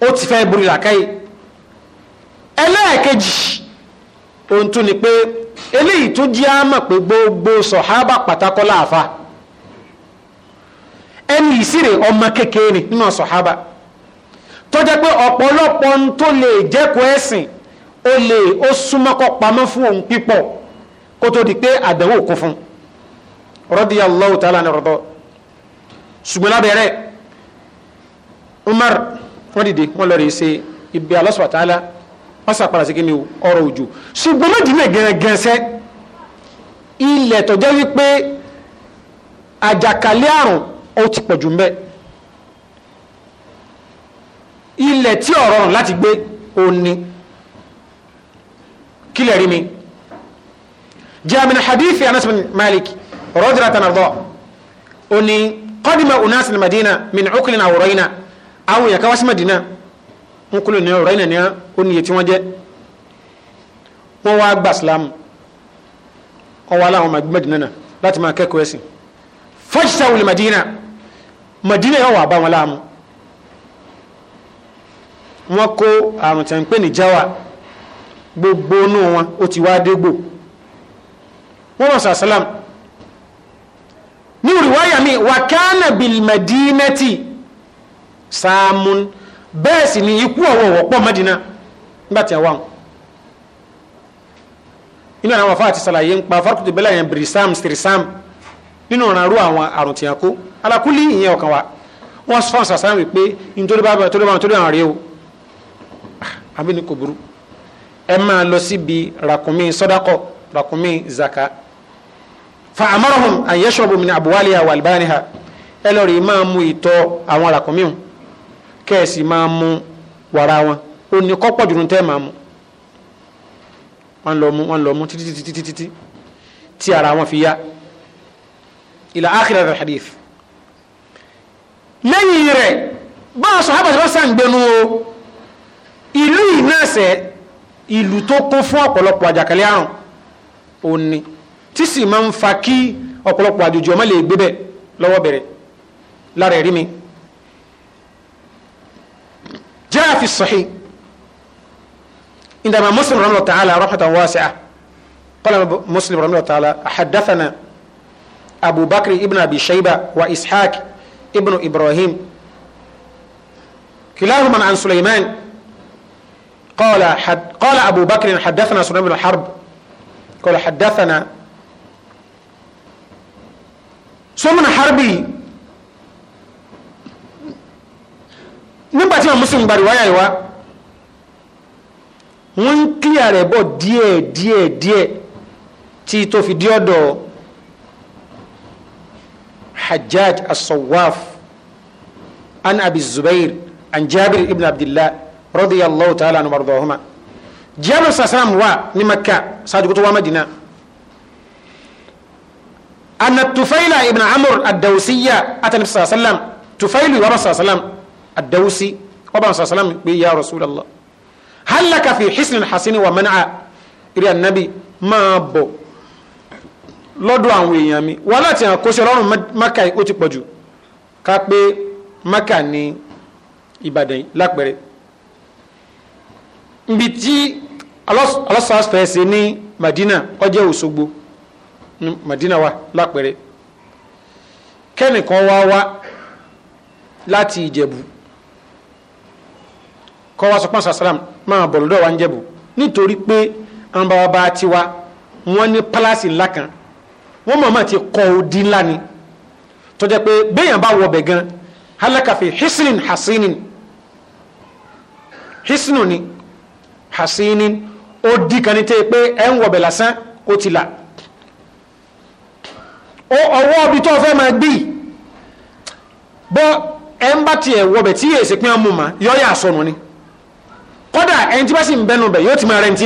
[SPEAKER 1] ó ti fẹ́ borí làkáyé ẹlẹ́ẹ̀kejì ohun tún ni pé eléyìí tún jẹ́ á mọ̀ pé gbogbo sọ̀hábà pàtàkọ́ láàfa ẹni ìsírè ọmọ kékeré ni nínú sọ̀hábà tó jẹ́ pé ọ̀pọ̀lọpọ̀ ohun tó lè jẹ́kọ̀ọ́ ẹ̀sìn ó lè ó súnmọ́kọ́ pamọ́ fún òun pípọ̀ kó tó di pé àdánwò kún fún radiyallahu ta'ala ni rọ̀dọ̀ ṣùgbọ́n lábẹ́rẹ́ umar wọ́n dìde wọ́n lọ rè ṣe ibi alọ́sọ̀tàlá wọ́n sàpàdà sí kíni ọrọ̀ òjò ṣùgbọ́n méjìlá gẹ̀rẹ́gẹ̀rẹ́ sẹ́ ilẹ̀ tó jẹ́ wípé àjàkálẹ̀ àrùn ó ti pọ̀jù mbẹ́ ilẹ̀ tí ọ̀rọ̀ rùn láti gbé òní kílẹ̀ rí mi jẹ́min hadithi anas bin malik rọ́dìrátà nàrdọ́ òní qadima unas al madina min uklina awrayna àwọn èèyàn káwá sí Mẹ́dínà ń kúlò ní ọ̀rọ̀ ìnà ní ó níye tí wọ́n jẹ́ wọ́n wá gbà sílámù ọwọ́ aláwọn ọmọ ẹgbẹ́ Mẹ́dínà náà láti máa kẹ́kọ̀ọ́ ẹ̀sìn fọ́jìṣà wùlì Mẹ́dínà Mẹ́dínà yóò wà bá wọn láàmú wọ́n kó àrùn tẹ̀ ń pè ní jáwà gbogbo inú wọn ó ti wá dégbò wọ́n mọ̀ sàṣálàm ní ìrìwáyà mi wà kánà bìl Mẹ́dínà tì sàmùn bẹ́ẹ̀ sì ni ikú ọ̀wọ̀ wọ̀pọ̀ mẹ́dínà nígbà tí a wà inú àwọn afá àti sàlàyé ń pa fárkùtù bẹ́lẹ̀ yẹn bìrìsàm sìrìsàm nínú ọ̀ràn arú àwọn àrùn tí a kó alákùlì ìyẹn ọ̀kan wa wọ́n fọ́n sàsán wípé nítorí bá tó lọ́wọ́ nítorí àwọn rèé o ah, àbí ni kò burú ẹ máa lọ síbi ràkúnmí sọ́dákọ̀ ràkúnmí zaka fa amarahum an yashrabu min abwaliha wa albaniha ẹ lọ rí máa mú ìtọ̀ àwọn ràkúnmí kẹ́ẹ̀sì máa mú wàrà wọn ó ní kọ́pọ̀ jùlọ tẹ́ máa mú wọ́n lọ mú wọ́n lọ mú títí títí títí títí tí ara wọn fi yá ila akhirah al-hadith lẹ́yìn rẹ̀ báwọn sọ̀hábà sọ̀rọ̀ sàǹgbẹ́nu o ìlú ìnáṣẹ́ ìlú tó kún fún ọ̀pọ̀lọpọ̀ àjàkálẹ̀ àrùn òní tí sì máa ń fa kí ọ̀pọ̀lọpọ̀ àjòjì ọmọ lè gbé bẹ́ẹ̀ lọ́wọ́ bẹ̀rẹ̀ lára ẹ̀rí mi جاء في الصحيح عندما مسلم رحمه الله تعالى رحمة واسعة قال مسلم رحمه الله تعالى حدثنا أبو بكر ابن أبي شيبة وإسحاق ابن إبراهيم كلاهما عن سليمان قال حد قال أبو بكر حدثنا سليمان بن الحرب قال حدثنا سليمان حربي nígbàtí wọn muslim gbàdúrà wáyà ìwá wọn ń kíyà rẹ̀ bọ̀ díẹ̀ díẹ̀ díẹ̀ tí tó fi dí ọ̀dọ̀ hajjaj as-sawwaf an abi zubair an jabir ibn abdullah radiyallahu ta'ala anhu mardahuma jabir sasalam wa ní makka ṣáájú kó tó wá madina anna tufaila ibn amr ad-dawsiyya atan sallam tufailu wa sallam الدوسي وبن صلى الله عليه وسلم يا رسول الله هل لك في حسن حسين ومنع إلى النبي ما بو lọ́dọ̀ àwọn èèyàn mi wà láti hàn kó sí ọlọ́run maka ó ti pọ̀jù ká pé maka ní ìbàdàn lápẹ̀rẹ̀ ibi tí alọ́sàásfẹ̀ẹ́sẹ̀ ní madina ọjẹ́ òṣogbo ní madina wa lápẹ̀rẹ̀ kẹ́nìkan wá wá láti ìjẹ̀bù kọ́ wa sọpọ́n sàsàlám máa bọ̀ lọ́dọ̀ wa ń jẹ̀bù nítorí pé àwọn bàbá bá tiwa wọ́n ní pálásì ńlá kan wọ́n mọ̀ máa ti kọ́ odi ńlá ni tó jẹ́ pé béèyàn bá wọ̀ bẹ̀ gan halakafe hisnin hasinin hisnu ni hasinin odi kan ní tẹ́ pé ẹ̀ ń wọ̀ bẹ̀ lásán ó ti là ọwọ́ ibi tó fẹ́ máa gbì bọ́ ẹ̀ ń bá tiẹ̀ wọ̀bẹ̀ tí èsì pín ọmọ mà yọ́ yà sọnù ni. kọ́dà ẹni tí bá sì ń bẹnu bẹ̀ yóò ti máa rẹ̀ ti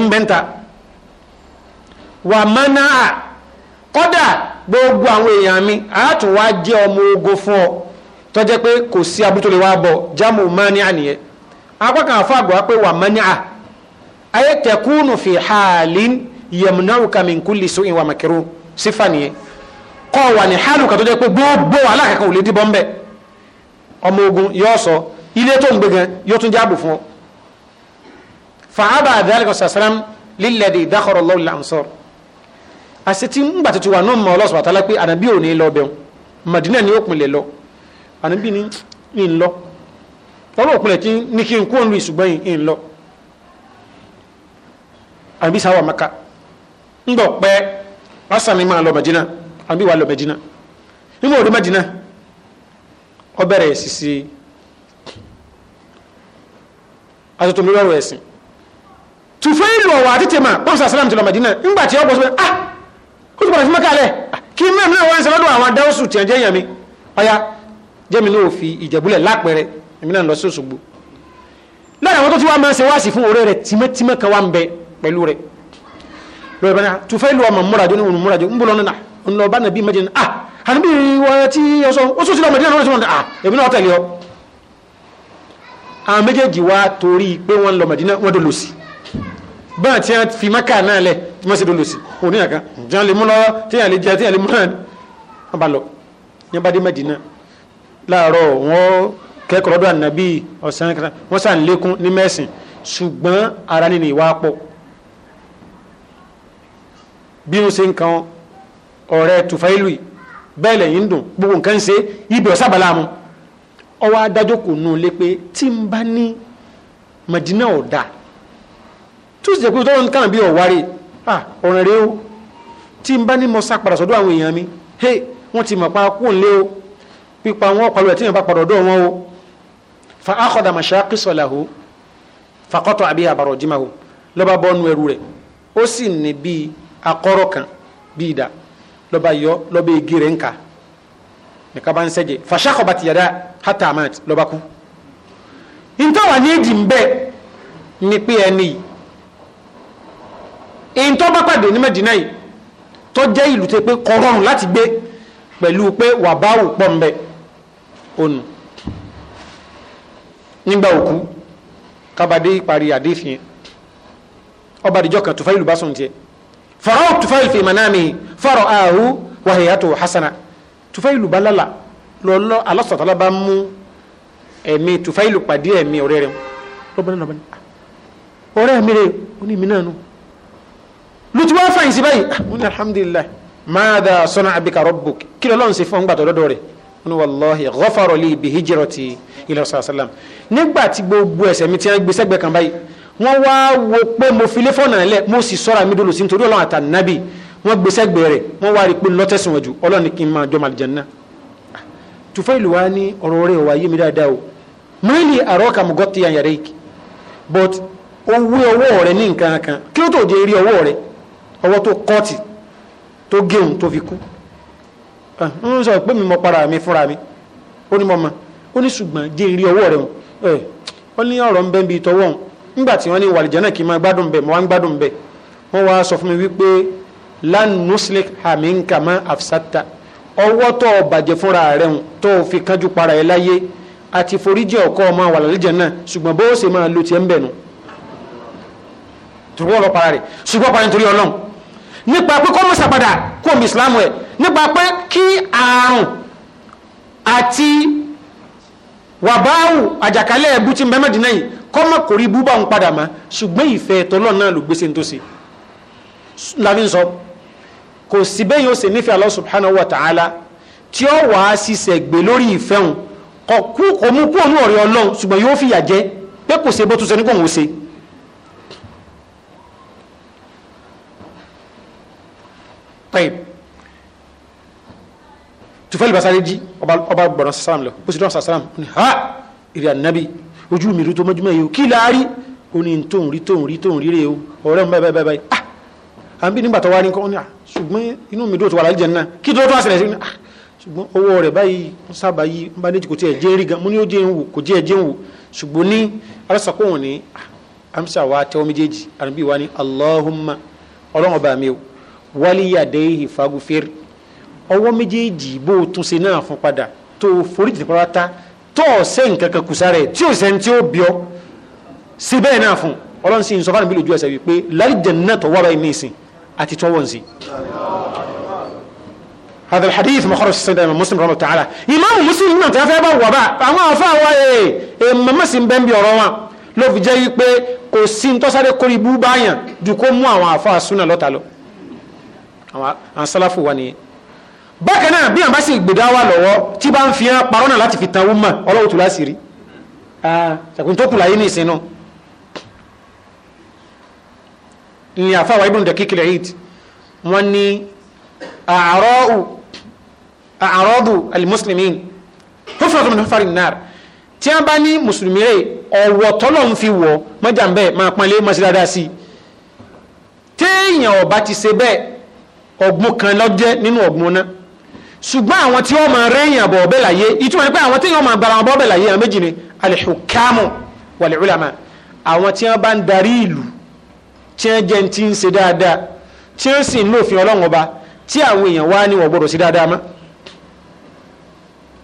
[SPEAKER 1] gbogbo àwọn èèyàn mi àátùn wá jẹ ọmọ ogun fún ọ tó pé kò sí abútó lè wá bọ̀ kan àfọ àgbà pé wà mania ayé fi kàmí sífà nìyẹn wà ní pé gbogbo ò ọmọ ogun sọ ilé tó ń yóò tún فعبى ذلك صلى الله عليه وسلم للذي دخل الله للأنصار aseti ngba tuntun wa náà mọ ọlọsọ àtàlà pé ànábì ò ní lọ bẹun madina ni ó pinlẹ lọ ànábì ni ń lọ ọlọ òpinlẹ tí ní kí n kú òun lu ìṣùgbọ́n yìí ń lọ ànábì sáwà maka ngbọ pẹ asani máa lọ madina ànábì wà lọ madina nígbà òde madina ó bẹ̀rẹ̀ sisi atutu mi ẹ̀sìn tùfẹ́ ìlú ọ̀wà àti tèmà pọ́nsà sálàmù ti lọ màdínà ńgbà ọgbọ̀ sọ́bẹ̀ ah ó ti padà sí mọ́kàlẹ̀ ah, kí mẹ́rin náà wọ́n ń sẹ́lọ́dọ̀ àwọn adáwọ̀sù tí ẹjẹ́ yẹn mi ọya jẹ́mi náà fi ìjẹ̀búlẹ̀ lápẹẹrẹ èmi náà lọ sí Òṣogbo lára àwọn tó ti wá máa ń ṣe wáàsí fún ọ̀rẹ́ rẹ̀ tímẹ́tímẹ́ kan wá ń bẹ pẹ̀lú rẹ̀ lọ́rẹ̀ bá ah, tùfẹ́ ìlú ọmọ múradó ah àníbí wọn tí ọsọ ó sì ah èmi náà tẹ̀lé ọ àwọn méjèèjì wá torí báyà tí wọ́n fi maka náà lẹ̀ tí wọ́n sì dolo sí òun ní àká tí wọ́n lè mú lọ́wọ́ tí wọ́n lè jẹ tí wọ́n lè mú náà wọ́n bá lọ ní bá dé Mẹ́dínà láàárọ̀ wọ́n kẹ́kọ̀ọ́ lọ́dọ̀ ànábì ọ̀sán kan wọ́n sàn lékún ní mẹ́sìn ṣùgbọ́n ara nínú ìwà pọ̀ bí wọ́n ṣe ń kan ọ̀rẹ́ tùfáìlù bẹ́ẹ̀ lẹ́yìn ń dùn gbogbo nǹkan ń ṣe ibi ọ̀sábàlá mu ọwọ́ adájọ́ kò nù lé pé tí ń bá ní Mẹ́dínà ọ̀dà tó sì jẹ́ pé tọ́lọ́ kàn bí ọ̀wárí ah, ọ̀ràn rẹ o tí n bá ní mo sá padà sọ́dọ̀ àwọn èèyàn mi wọ́n ti mọ̀ pa kó ń lé o pípa wọn pàlọ́ ẹ̀ tí yẹn bá padà ọ̀dọ̀ wọn o fa akọ̀dà màṣá kìsọ̀làhó fakọ́tọ̀ àbí àbàrọ̀ jìmáwó lọ́ba bọ́ nu ẹrú rẹ̀ ó sì ní bíi akọ́rọ̀ kan bíi ìdá lọ́ba yọ lọ́ba igi rẹ̀ ń kà nìkan bá ń sẹ́jẹ̀ fàṣàkọ̀bà èyí tó bá pàdé ní Mẹ́dínà yìí tó jẹ́ ìlú tó pé kò rọrùn láti gbé pẹ̀lú pé wàbáwò pọ̀ ń bẹ ònù nígbà òkú kábàdé parí àdéfì yẹn ọba àdìjọ kan tùfáìlù bá sùn tiẹ̀ fọ̀rọ̀ tùfáìlù fi manami fọ̀rọ̀ àhú wàhíyàtò hasana tùfáìlù bá lálà lọ́lọ́ alásọ̀tàlá bá mú ẹ̀mí tùfáìlù pàdé ẹ̀mí ọ̀rẹ́ rẹ̀ ọ̀rẹ́ mi rẹ̀ ó ní mi náà nù ló ti wá fàyìn sí báyìí wọn ah, ni alhamdulilayi maada sọnà abika rabbuk kí lọ́lọ́run sì fún gbàtọ́ lọ́dọ̀ rẹ̀ wọn ni wàlọ́hì ghafara li bi hijrati ila sàlám nígbà tí gbogbo ẹ̀ṣẹ̀ mi ti ń gbé sẹ́gbẹ̀ẹ́ kan báyìí wọ́n wá wo pé mo filé fọ́nà lẹ̀ mo sì sọ́ra mi dolo sí nítorí ọlọ́run àtànábì wọ́n gbé sẹ́gbẹ̀ẹ́ rẹ̀ wọ́n wá rí i pé lọ́tẹ̀sùn wọ̀jú ọlọ́run kì í máa jọ màlìjẹ́nà ah, tùfẹ́ ìlú wa ní ọ̀rọ̀ rẹ̀ wá yé mi dáadáa o mẹ́lì àrọ́ọ̀kà mo gọ́ ti yàn yàrá yìí but owó ọwọ́ rẹ̀ ní nǹkan kan kí ló tó jẹ́ eré ọwọ́ rẹ̀ ọwọ́ tó kọ́ọ̀tì tó géun tó fi kú ah, ń sọ pé mi mọ para mi fúnra mi ó ní mọ ó ní ṣùgbọ́n jẹ́ ìrí ọwọ́ rẹ̀ wọn wọ́n eh, ní ọ̀rọ̀ ń bẹ́ bí tọwọ́ wọn nígbà tí wọ́n ní wàlìjẹ́ náà kì sọ fún mi wípé lan nuslik afsata ọwọ́ tó o bàjẹ́ fúnra rẹ̀ wọn tó o fi kánjú para ẹ láyé àti foríjì ọkọ ọmọ torí wọ́n lọ para rẹ̀ ṣùgbọ́n para nítorí ọlọ́run nípa pé kọ́ mọ̀sá padà kó omi ìsìlámù ẹ̀ nípa pé kí àrùn àti wàbáwù àjàkálẹ̀ ẹ̀bú ti mẹ́mẹ́ dínà yìí kọ́ mọ̀ kò rí búbá òun padà mọ́ ṣùgbọ́n ìfẹ́ tọ́lọ́ náà ló gbèsè tó láfi ń sọ kò sí bẹ́yìn ó ṣe nífẹ̀ẹ́ Allah subhanahu wa ta'ala tí ó wàá ṣiṣẹ́ gbé lórí ìfẹ́hùn kò mú kúrò ní ọ̀rẹ́ ọlọ́run ṣùgbọ́n yóò fìyà jẹ pé kò ṣe bó tún ṣe nígbà òun ṣe tayib tufẹ́lì basare jí ọba gbọ̀nà sàlám lọ bó sì dọ́nà sàlám ní ha ìrìn ànábì ojú mi rí tó mọ́júmọ́ o kí láàárí o ní tóun rí tóun rí tóun rírè o ọ̀rẹ́ mi báyìí báyìí báyìí ah àbí nígbà tó wá ní kọ́ ah ṣùgbọ́n inú mi dóòtú wà láyé jẹ náà kí tó tó àṣẹlẹ̀ sí ní ah ṣùgbọ́n ọwọ́ rẹ̀ báyìí ń sábà yí ń bá déjì kò tiẹ̀ jẹ́ rí gan mo ní ó jẹ́ ń wò kò jẹ́ jẹ́ ń wò ṣùgbọ́n ní alásàkóhùn ní ah! amsa wa tẹ́wọ́ méjèèjì àrùn bíi wa ní Allahumma ọlọ́run ọba mi o wálíyàdéhì fagufẹ́rì ọwọ́ méjèèjì bó o tún ṣe náà fún padà tó o forí ti pàrọ̀ ta tó o sẹ́ nǹkan kan kùsà rẹ̀ tí o sẹ́ ní tí o bí ọ sí bẹ́ẹ̀ náà fún ọlọ́run sì ń sọ fáwọn ìbílẹ̀ ojú ẹsẹ̀ wípé lálìjẹ̀ náà tọ́wọ́ báyìí ní ìsìn àti tọ́wọ́ ń sìn. هذا الحديث مخرج السيد مسلم رحمه الله تعالى إمام مسلم náà tí a fẹ́ bá wà bá àwọn afa wa ẹ̀ ẹ̀ mọ̀mọ́ sí bẹ́ẹ̀ bí ọ̀rọ̀ wọn ló fi jẹ́ wípé kò sí ní tọ́sáré kórìbú báyàn ju àwọn sálàfù wa nìyẹn bákan náà bí àbá sì gbèdá wa lọ́wọ́ tí bá ń fi hàn parọ́ náà láti fi tan wúmà ọlọ́wọ́ tó láṣìírí ṣàkóso tó kù láyé ní ìsìn ni àfáwà ibùn dàkíkìlì ẹ̀yìd wọ́n ní àárọ̀dù alimuslimin hufnatun min hufari nar tí a bá ní mùsùlùmí rẹ̀ ọ̀wọ̀ tọ́lọ̀ ń fi wọ̀ mọ́jà ń bẹ́ẹ̀ máa pọ́nlé mọ́sí dáadáa sí i téèyàn ọba ti ṣe bẹ́ẹ̀ ọ̀gbun kan lọ́jẹ́ nínú ọ̀gbun náà ṣùgbọ́n àwọn tí wọ́n máa rẹ́yìn àbọ̀ ọ̀bẹ̀ láyé ìtumọ̀ ní pé àwọn tí wọ́n máa gbara wọn bọ́ọ̀bẹ̀ láyé àwọn méjì ni alihukamu wàlúùlámà àwọn tí wọ́n bá ń darí ìlú tí wọ́n jẹ́ ti ń ṣe dáadáa tí wọ́n sì ń lòfin ọlọ́run ọba tí àwọn èèyàn wá ní wọ́n gbọ́dọ̀ sí dáadáa mọ́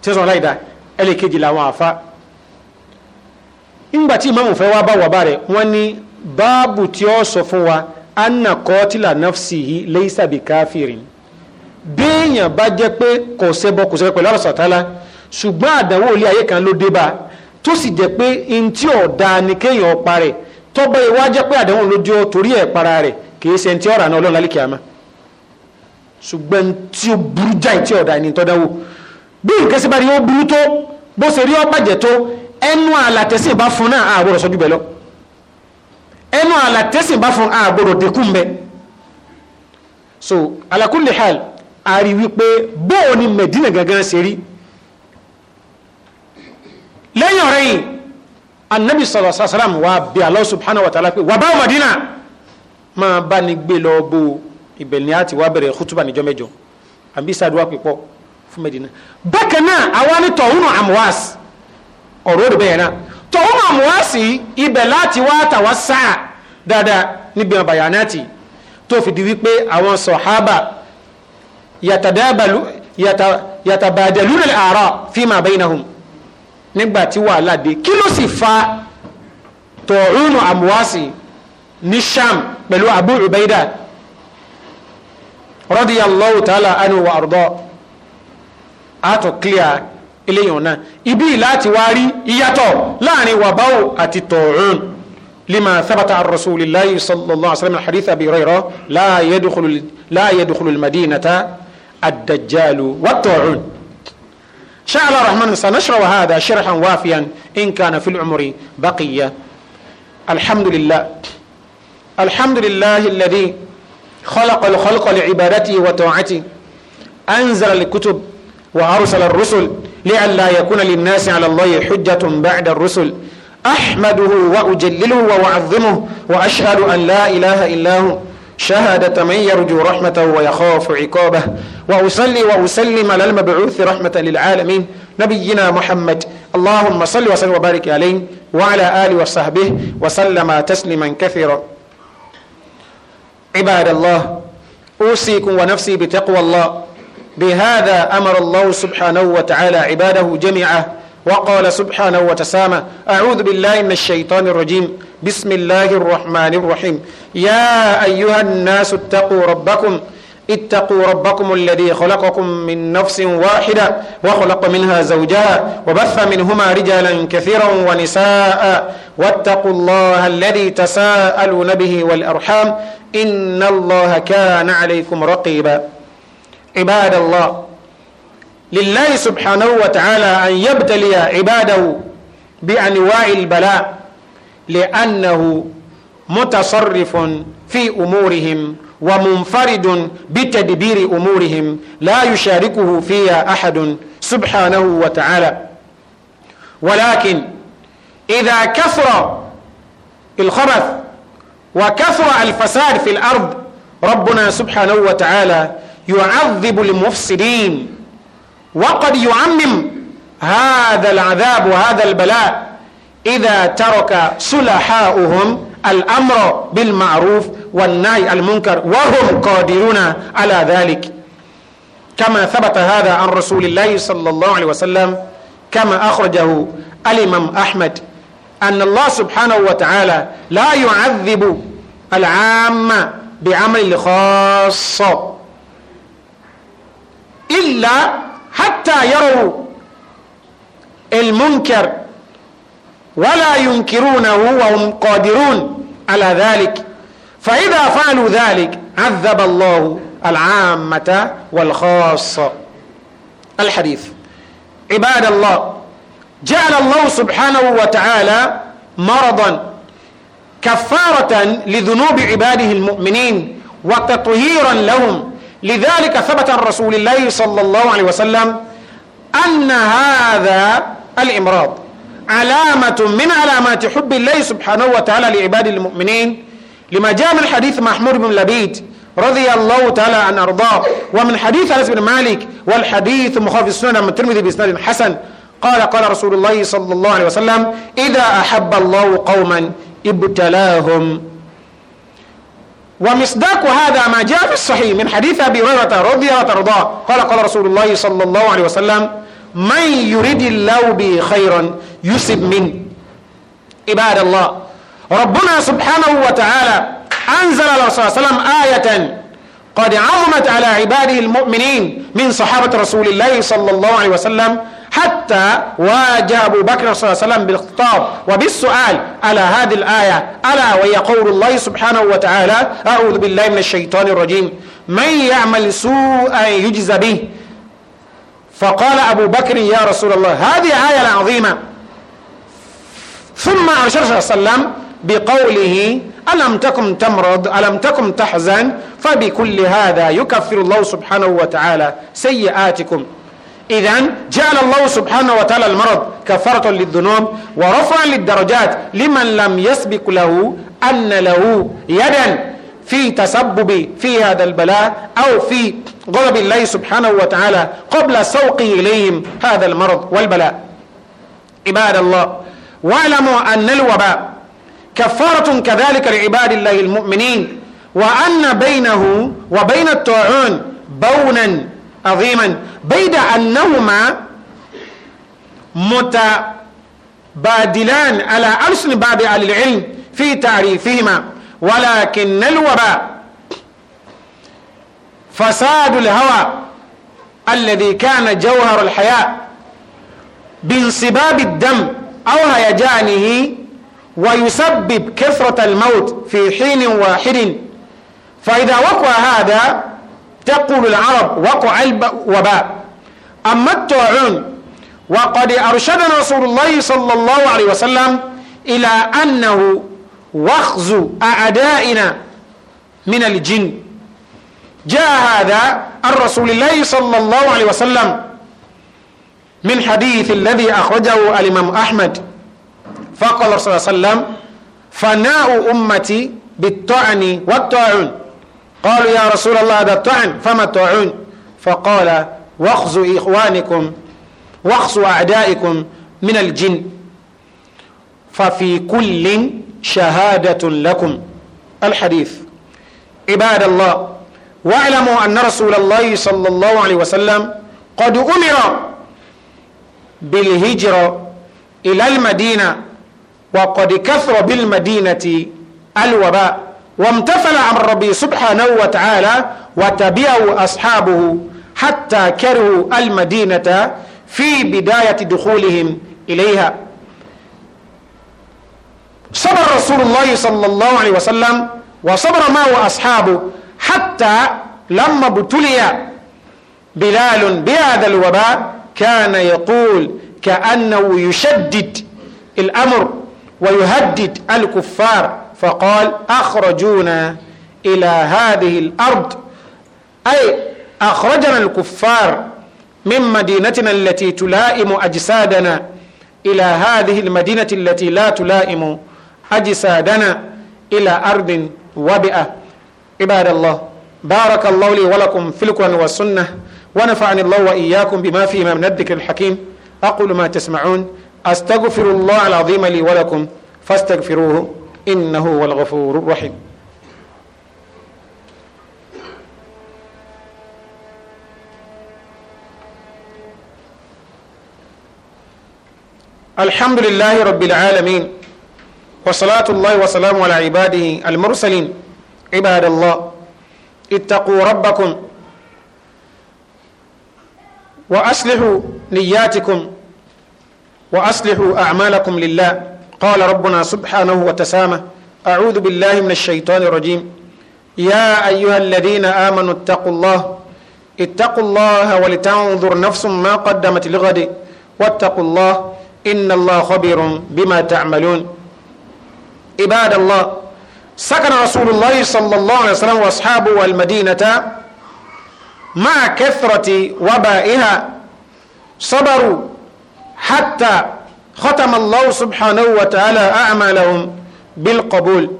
[SPEAKER 1] tí wọ́n sọ láì dá ẹlẹ́kejì làwọn àfa ńgbà tí ìmáàmù fẹ́ wá bá wà bá rẹ̀ wọ́n ní báàbù tí ó sọ fún wa anna kọtila nafsihi leisa bi káfírin béèyàn bá jẹ́ pé kò ṣẹbọ kò ṣẹbọ pẹ̀lú àrùsàtálá ṣùgbọ́n àdánwò ilé ayé kan ló dé bá tó sì jẹ́ pé ntí ọ̀dà ni kéèyàn ọ̀pa rẹ̀ tọ́gbà ìwá jẹ́ pé àdánwò ló dé torí ẹ̀ para rẹ̀ kìí ṣe ntí ọ̀rà náà ọlọ́run lálẹ́ kìámá ṣùgbọ́n tí ó burú jáì tí ọ̀dà ni tọ́dáwò bí nǹkan ṣe rí ó burú tó bó ṣe rí ó bàjẹ́ tó ẹnu àlàtẹ̀sìn bá fún náà àwòrán sọ́jú bẹ́ẹ̀ lọ ẹnu àlàtẹ́sìn bá fún àgbòrò dínkù mbẹ so ala kulli hal a rí wípé bóò ni Medina gangan ṣe rí lẹ́yìn ọ̀rẹ́ yìí annabi sallallahu alaihi wasallam wa bí Allah subhanahu wa ta'ala pé wà bá Medina máa bá ní gbé lọ bó ibẹ̀ ni a ti wá bẹ̀rẹ̀ kútúbà níjọ́ mẹ́jọ àbí sàdúrà pípọ̀ fún Medina bákan náà àwa ní tọ̀húnù amuwas ọ̀rọ̀ òdùbẹ̀yẹ̀ náà tọ̀húnù amuwas ibẹ̀ láti wá tàwa sáà dáadáa níbi àwọn bàyànáàtì tó fi di wípé àwọn sọ̀hábà yàtàbàdàlú nílẹ̀ àárọ̀ fíìmà bainahum nígbà tí wàhálà dé kí ló sì fa tọ̀rùnù àmúwásì ní sham pẹ̀lú abu ubaida radiyallahu ta'ala anhu wa arda àtọ̀ clear eléyàn náà ibi láti wá rí ìyàtọ̀ láàrin wàbáwò àti لما ثبت عن رسول الله صلى الله عليه وسلم حديث أبي هريرة لا يدخل لا يدخل المدينة الدجال والطاعون شاء الله الرحمن سنشرح هذا شرحا وافيا إن كان في العمر بقية الحمد لله الحمد لله الذي خلق الخلق لعبادته وطاعته أنزل الكتب وأرسل الرسل لئلا يكون للناس على الله حجة بعد الرسل أحمده وأجلله وأعظمه وأشهد أن لا إله إلا هو شهادة من يرجو رحمته ويخاف عقابه وأصلي وأسلم على المبعوث رحمة للعالمين نبينا محمد اللهم صل وسلم وبارك عليه وعلى آله وصحبه وسلم تسليما كثيرا عباد الله أوصيكم ونفسي بتقوى الله بهذا أمر الله سبحانه وتعالى عباده جميعا وقال سبحانه وتسامى أعوذ بالله من الشيطان الرجيم بسم الله الرحمن الرحيم يا أيها الناس اتقوا ربكم اتقوا ربكم الذي خلقكم من نفس واحدة وخلق منها زوجها وبث منهما رجالا كثيرا ونساء واتقوا الله الذي تساءلون به والأرحام إن الله كان عليكم رقيبا عباد الله لله سبحانه وتعالى أن يبتلي عباده بأنواع البلاء لأنه متصرف في أمورهم ومنفرد بتدبير أمورهم لا يشاركه فيها أحد سبحانه وتعالى ولكن إذا كثر الخبث وكثر الفساد في الأرض ربنا سبحانه وتعالى يعذب المفسدين وقد يعمم هذا العذاب وهذا البلاء إذا ترك سلحاؤهم الأمر بالمعروف والنهي المنكر وهم قادرون على ذلك كما ثبت هذا عن رسول الله صلى الله عليه وسلم كما أخرجه الإمام أحمد أن الله سبحانه وتعالى لا يعذب العامة بعمل خاص إلا حتى يروا المنكر ولا ينكرونه وهم قادرون على ذلك فإذا فعلوا ذلك عذب الله العامة والخاصة الحديث عباد الله جعل الله سبحانه وتعالى مرضا كفارة لذنوب عباده المؤمنين وتطهيرا لهم لذلك ثبت عن رسول الله صلى الله عليه وسلم أن هذا الإمراض علامة من علامات حب الله سبحانه وتعالى لعباد المؤمنين لما جاء من حديث محمود بن لبيد رضي الله تعالى عن أرضاه ومن حديث أنس بن مالك والحديث مخالف السنة من الترمذي بإسناد حسن قال قال رسول الله صلى الله عليه وسلم إذا أحب الله قوما ابتلاهم ومصداق هذا ما جاء في الصحيح من حديث أبي هريرة رضي الله عنه قال قال رسول الله صلى الله عليه وسلم من يريد الله به خيرا يسب منه عباد الله ربنا سبحانه وتعالى أنزل الله صلى الله عليه وسلم آية قد عظمت على عباده المؤمنين من صحابة رسول الله صلى الله عليه وسلم حتى واجه أبو بكر صلى الله عليه وسلم بالخطاب وبالسؤال على هذه الآية ألا وهي قول الله سبحانه وتعالى أعوذ بالله من الشيطان الرجيم من يعمل سوءا يجز به فقال أبو بكر يا رسول الله هذه آية العظيمة ثم أرشد صلى الله عليه وسلم بقوله ألم تكن تمرض ألم تكن تحزن فبكل هذا يكفر الله سبحانه وتعالى سيئاتكم إذا جعل الله سبحانه وتعالى المرض كفارة للذنوب ورفعا للدرجات لمن لم يسبق له أن له يدا في تسبب في هذا البلاء أو في غضب الله سبحانه وتعالى قبل سوقه إليهم هذا المرض والبلاء عباد الله واعلموا أن الوباء كفارة كذلك لعباد الله المؤمنين وأن بينه وبين الطاعون بونا عظيما بيد أنهما متبادلان على ألسن بعض أهل العلم في تعريفهما ولكن الوباء فساد الهوى الذي كان جوهر الحياة بانصباب الدم أو هيجانه ويسبب كثرة الموت في حين واحد فإذا وقع هذا تقول العرب وقع الوباء أما الطاعون وقد أرشدنا رسول الله صلى الله عليه وسلم إلى أنه وخز أعدائنا من الجن جاء هذا الرسول الله صلى الله عليه وسلم من حديث الذي أخرجه الإمام أحمد فقال صلى الله عليه وسلم فناء أمتي بالطعن والطاعون قالوا يا رسول الله ده طعن فما طعن فقال واخزوا إخوانكم واخزوا أعدائكم من الجن ففي كل شهادة لكم الحديث عباد الله واعلموا أن رسول الله صلى الله عليه وسلم قد أمر بالهجرة إلى المدينة وقد كثر بالمدينة الوباء وامتثل امر ربه سبحانه وتعالى وتبعه اصحابه حتى كرهوا المدينه في بدايه دخولهم اليها صبر رسول الله صلى الله عليه وسلم وصبر معه اصحابه حتى لما ابتلي بلال بهذا الوباء كان يقول كانه يشدد الامر ويهدد الكفار فقال أخرجونا إلى هذه الأرض أي أخرجنا الكفار من مدينتنا التي تلائم أجسادنا إلى هذه المدينة التي لا تلائم أجسادنا إلى أرض وبئة عباد الله بارك الله لي ولكم في القرآن والسنة ونفعني الله وإياكم بما ما من الذكر الحكيم أقول ما تسمعون أستغفر الله العظيم لي ولكم فاستغفروه إنه wal ghafurur rahim. الحمد لله رب العالمين وصلاة الله وسلام على عباده المرسلين عباد الله اتقوا ربكم وأصلحوا نياتكم وأصلحوا أعمالكم لله قال ربنا سبحانه وتسامى أعوذ بالله من الشيطان الرجيم يا أيها الذين آمنوا اتقوا الله اتقوا الله ولتنظر نفس ما قدمت لغد واتقوا الله إن الله خبير بما تعملون عباد الله سكن رسول الله صلى الله عليه وسلم وأصحابه المدينة مع كثرة وبائها صبروا حتى ختم الله سبحانه وتعالى أعمالهم بالقبول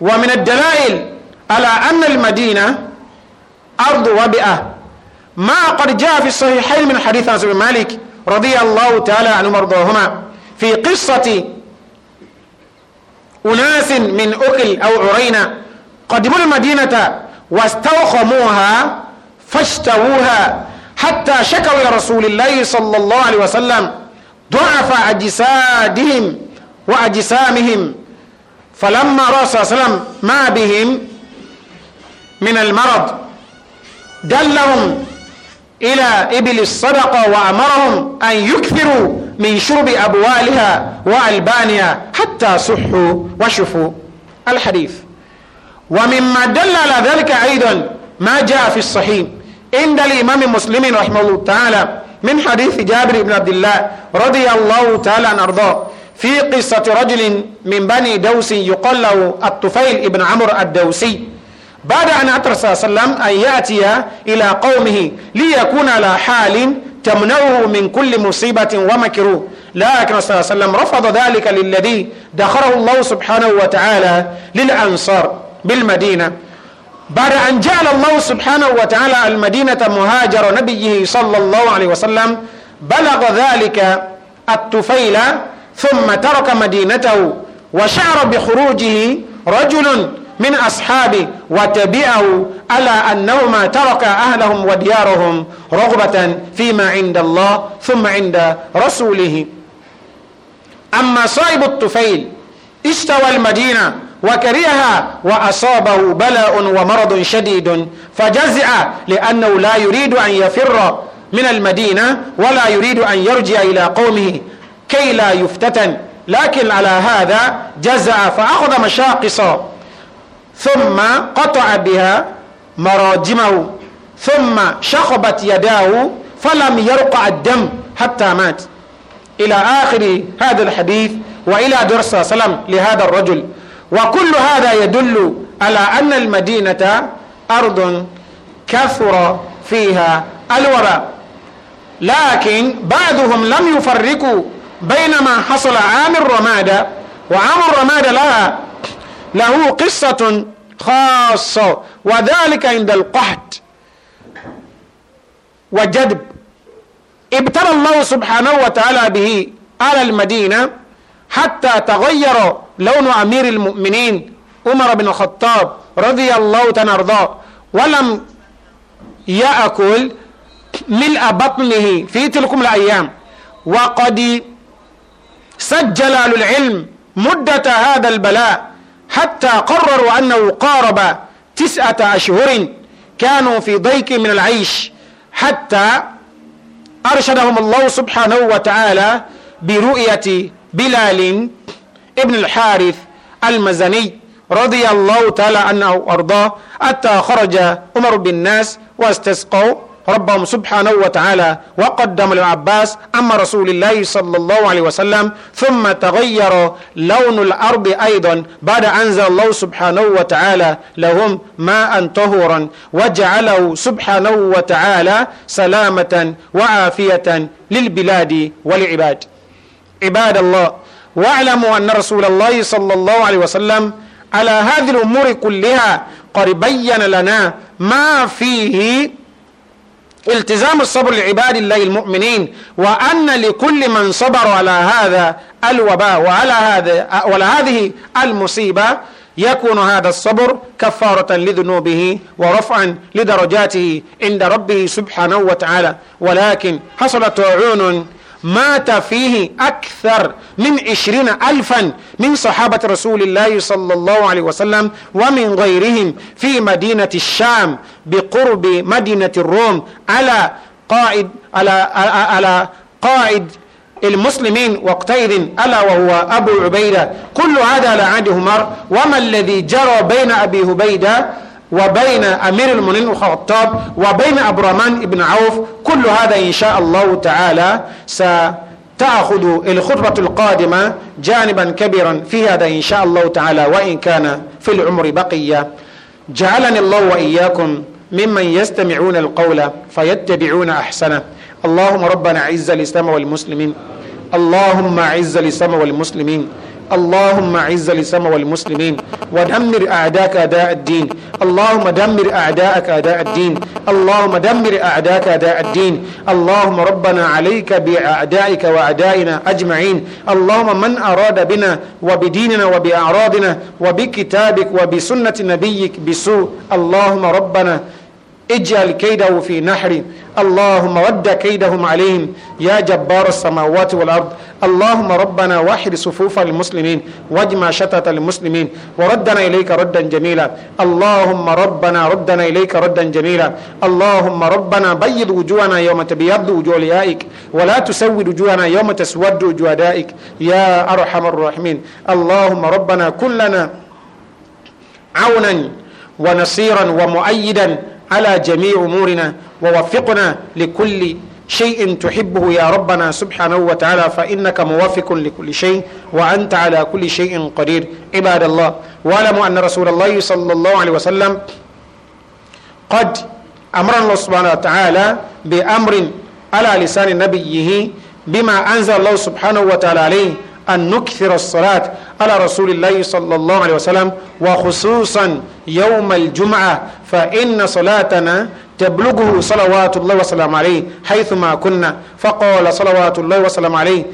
[SPEAKER 1] ومن الدلائل على أن المدينة أرض وبئة ما قد جاء في الصحيحين من حديث أنس بن مالك رضي الله تعالى عن مرضاهما في قصة أناس من أكل أو عرينا قدموا المدينة واستوخموها فاشتووها حتى شكوا إلى رسول الله صلى الله عليه وسلم ضعف أجسادهم وأجسامهم فلما رأى صلى الله عليه وسلم ما بهم من المرض دلهم إلى إبل الصدقة وأمرهم أن يكثروا من شرب أبوالها وألبانها حتى صحوا وشفوا الحديث ومما دل على ذلك أيضا ما جاء في الصحيح عند الإمام مسلم رحمه الله تعالى من حديث جابر بن عبد الله رضي الله تعالى عن أرضاه في قصة رجل من بني دوس يقال له الطفيل ابن عمرو الدوسي بعد أن أتر صلى الله عليه وسلم أن يأتي إلى قومه ليكون على حال تمنعه من كل مصيبة ومكروه لكن صلى الله عليه وسلم رفض ذلك للذي دخله الله سبحانه وتعالى للأنصار بالمدينة بعد أن جعل الله سبحانه وتعالى المدينة مهاجر نبيه صلى الله عليه وسلم بلغ ذلك الطفيل ثم ترك مدينته وشعر بخروجه رجل من أصحابه وتبعه على أنهما ترك أهلهم وديارهم رغبة فيما عند الله ثم عند رسوله أما صائب الطفيل استوى المدينة وكرهها وأصابه بلاء ومرض شديد فجزع لأنه لا يريد أن يفر من المدينة ولا يريد أن يرجع إلى قومه كي لا يفتتن لكن على هذا جزع فأخذ مشاقص ثم قطع بها مراجمه ثم شخبت يداه فلم يرقع الدم حتى مات إلى آخر هذا الحديث وإلى درس سلام لهذا الرجل وكل هذا يدل على أن المدينة أرض كثر فيها الورى لكن بعضهم لم يفرقوا بين ما حصل عام الرمادة وعام الرمادة لها له قصة خاصة وذلك عند القحط وجدب ابتلى الله سبحانه وتعالى به على المدينة حتى تغير لون أمير المؤمنين عمر بن الخطاب رضي الله تعالى عنه ولم يأكل ملء بطنه في تلك الأيام وقد سجل أهل العلم مدة هذا البلاء حتى قرروا أنه قارب تسعة أشهر كانوا في ضيق من العيش حتى أرشدهم الله سبحانه وتعالى برؤية بلال ابن الحارث المزني رضي الله تعالى عنه وأرضاه حتى خرج عمر بالناس واستسقوا ربهم سبحانه وتعالى وقدم العباس أما رسول الله صلى الله عليه وسلم ثم تغير لون الأرض أيضا بعد أنزل الله سبحانه وتعالى لهم ماء طهورا وجعله سبحانه وتعالى سلامة وعافية للبلاد والعباد عباد الله واعلموا أن رسول الله صلى الله عليه وسلم على هذه الأمور كلها قد بين لنا ما فيه التزام الصبر لعباد الله المؤمنين وأن لكل من صبر على هذا الوباء وعلى هذا وعلى هذه المصيبة يكون هذا الصبر كفارة لذنوبه ورفعا لدرجاته عند ربه سبحانه وتعالى ولكن حصل طاعون مات فيه أكثر من عشرين ألفا من صحابة رسول الله صلى الله عليه وسلم ومن غيرهم في مدينة الشام بقرب مدينة الروم على قائد على على قائد المسلمين وقتئذ ألا وهو أبو عبيدة كل هذا على عهد عمر وما الذي جرى بين أبي عبيدة وبين أمير المؤمنين الخطاب وبين عبد الرحمن بن عوف كل هذا إن شاء الله تعالى ستأخذ الخطبة القادمة جانبا كبيرا في هذا إن شاء الله تعالى وإن كان في العمر بقية جعلني الله وإياكم ممن يستمعون القول فيتبعون أحسنه اللهم ربنا عز الإسلام والمسلمين اللهم عز لسما والمسلمين اللهم عز لسام والمسلمين ودمر أعداءك أعداء الدين اللهم دمر أعداءك أعداء الدين اللهم دمر أعداءك أعداء الدين اللهم ربنا عليك بأعدائك وأعدائنا أجمعين اللهم من أراد بنا وبديننا وبأعراضنا وبكتابك وبسنة نبيك بسوء اللهم ربنا اجعل كيده في نحره اللهم ود كيدهم عليهم يا جبار السماوات والأرض اللهم ربنا واحد صفوف المسلمين واجمع شتات المسلمين وردنا إليك ردا جميلا اللهم ربنا ردنا إليك ردا جميلا اللهم ربنا بيض وجوهنا يوم تبيض وجوه ليائك ولا تسود وجوهنا يوم تسود وجوه دائك يا أرحم الراحمين اللهم ربنا كلنا عونا ونصيرا ومؤيدا على جميع أمورنا ووفقنا لكل شيء تحبه يا ربنا سبحانه وتعالى فإنك موافق لكل شيء وأنت على كل شيء قدير عباد الله واعلموا أن رسول الله صلى الله عليه وسلم قد أمر الله سبحانه وتعالى بأمر على لسان نبيه بما أنزل الله سبحانه وتعالى عليه أن نكثر الصلاة على رسول الله صلى الله عليه وسلم وخصوصا يوم الجمعة فإن صلاتنا تبلغه صلوات الله وسلام عليه حيثما كنا فقال صلوات الله وسلام عليه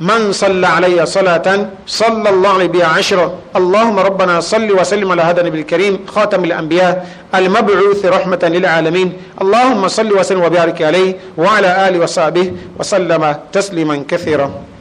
[SPEAKER 1] من صلى علي صلاة صلى الله عليه بها عشرة اللهم ربنا صل وسلم على هذا النبي الكريم خاتم الأنبياء المبعوث رحمة للعالمين اللهم صل وسلم وبارك عليه وعلى آله وصحبه وسلم تسليما كثيرا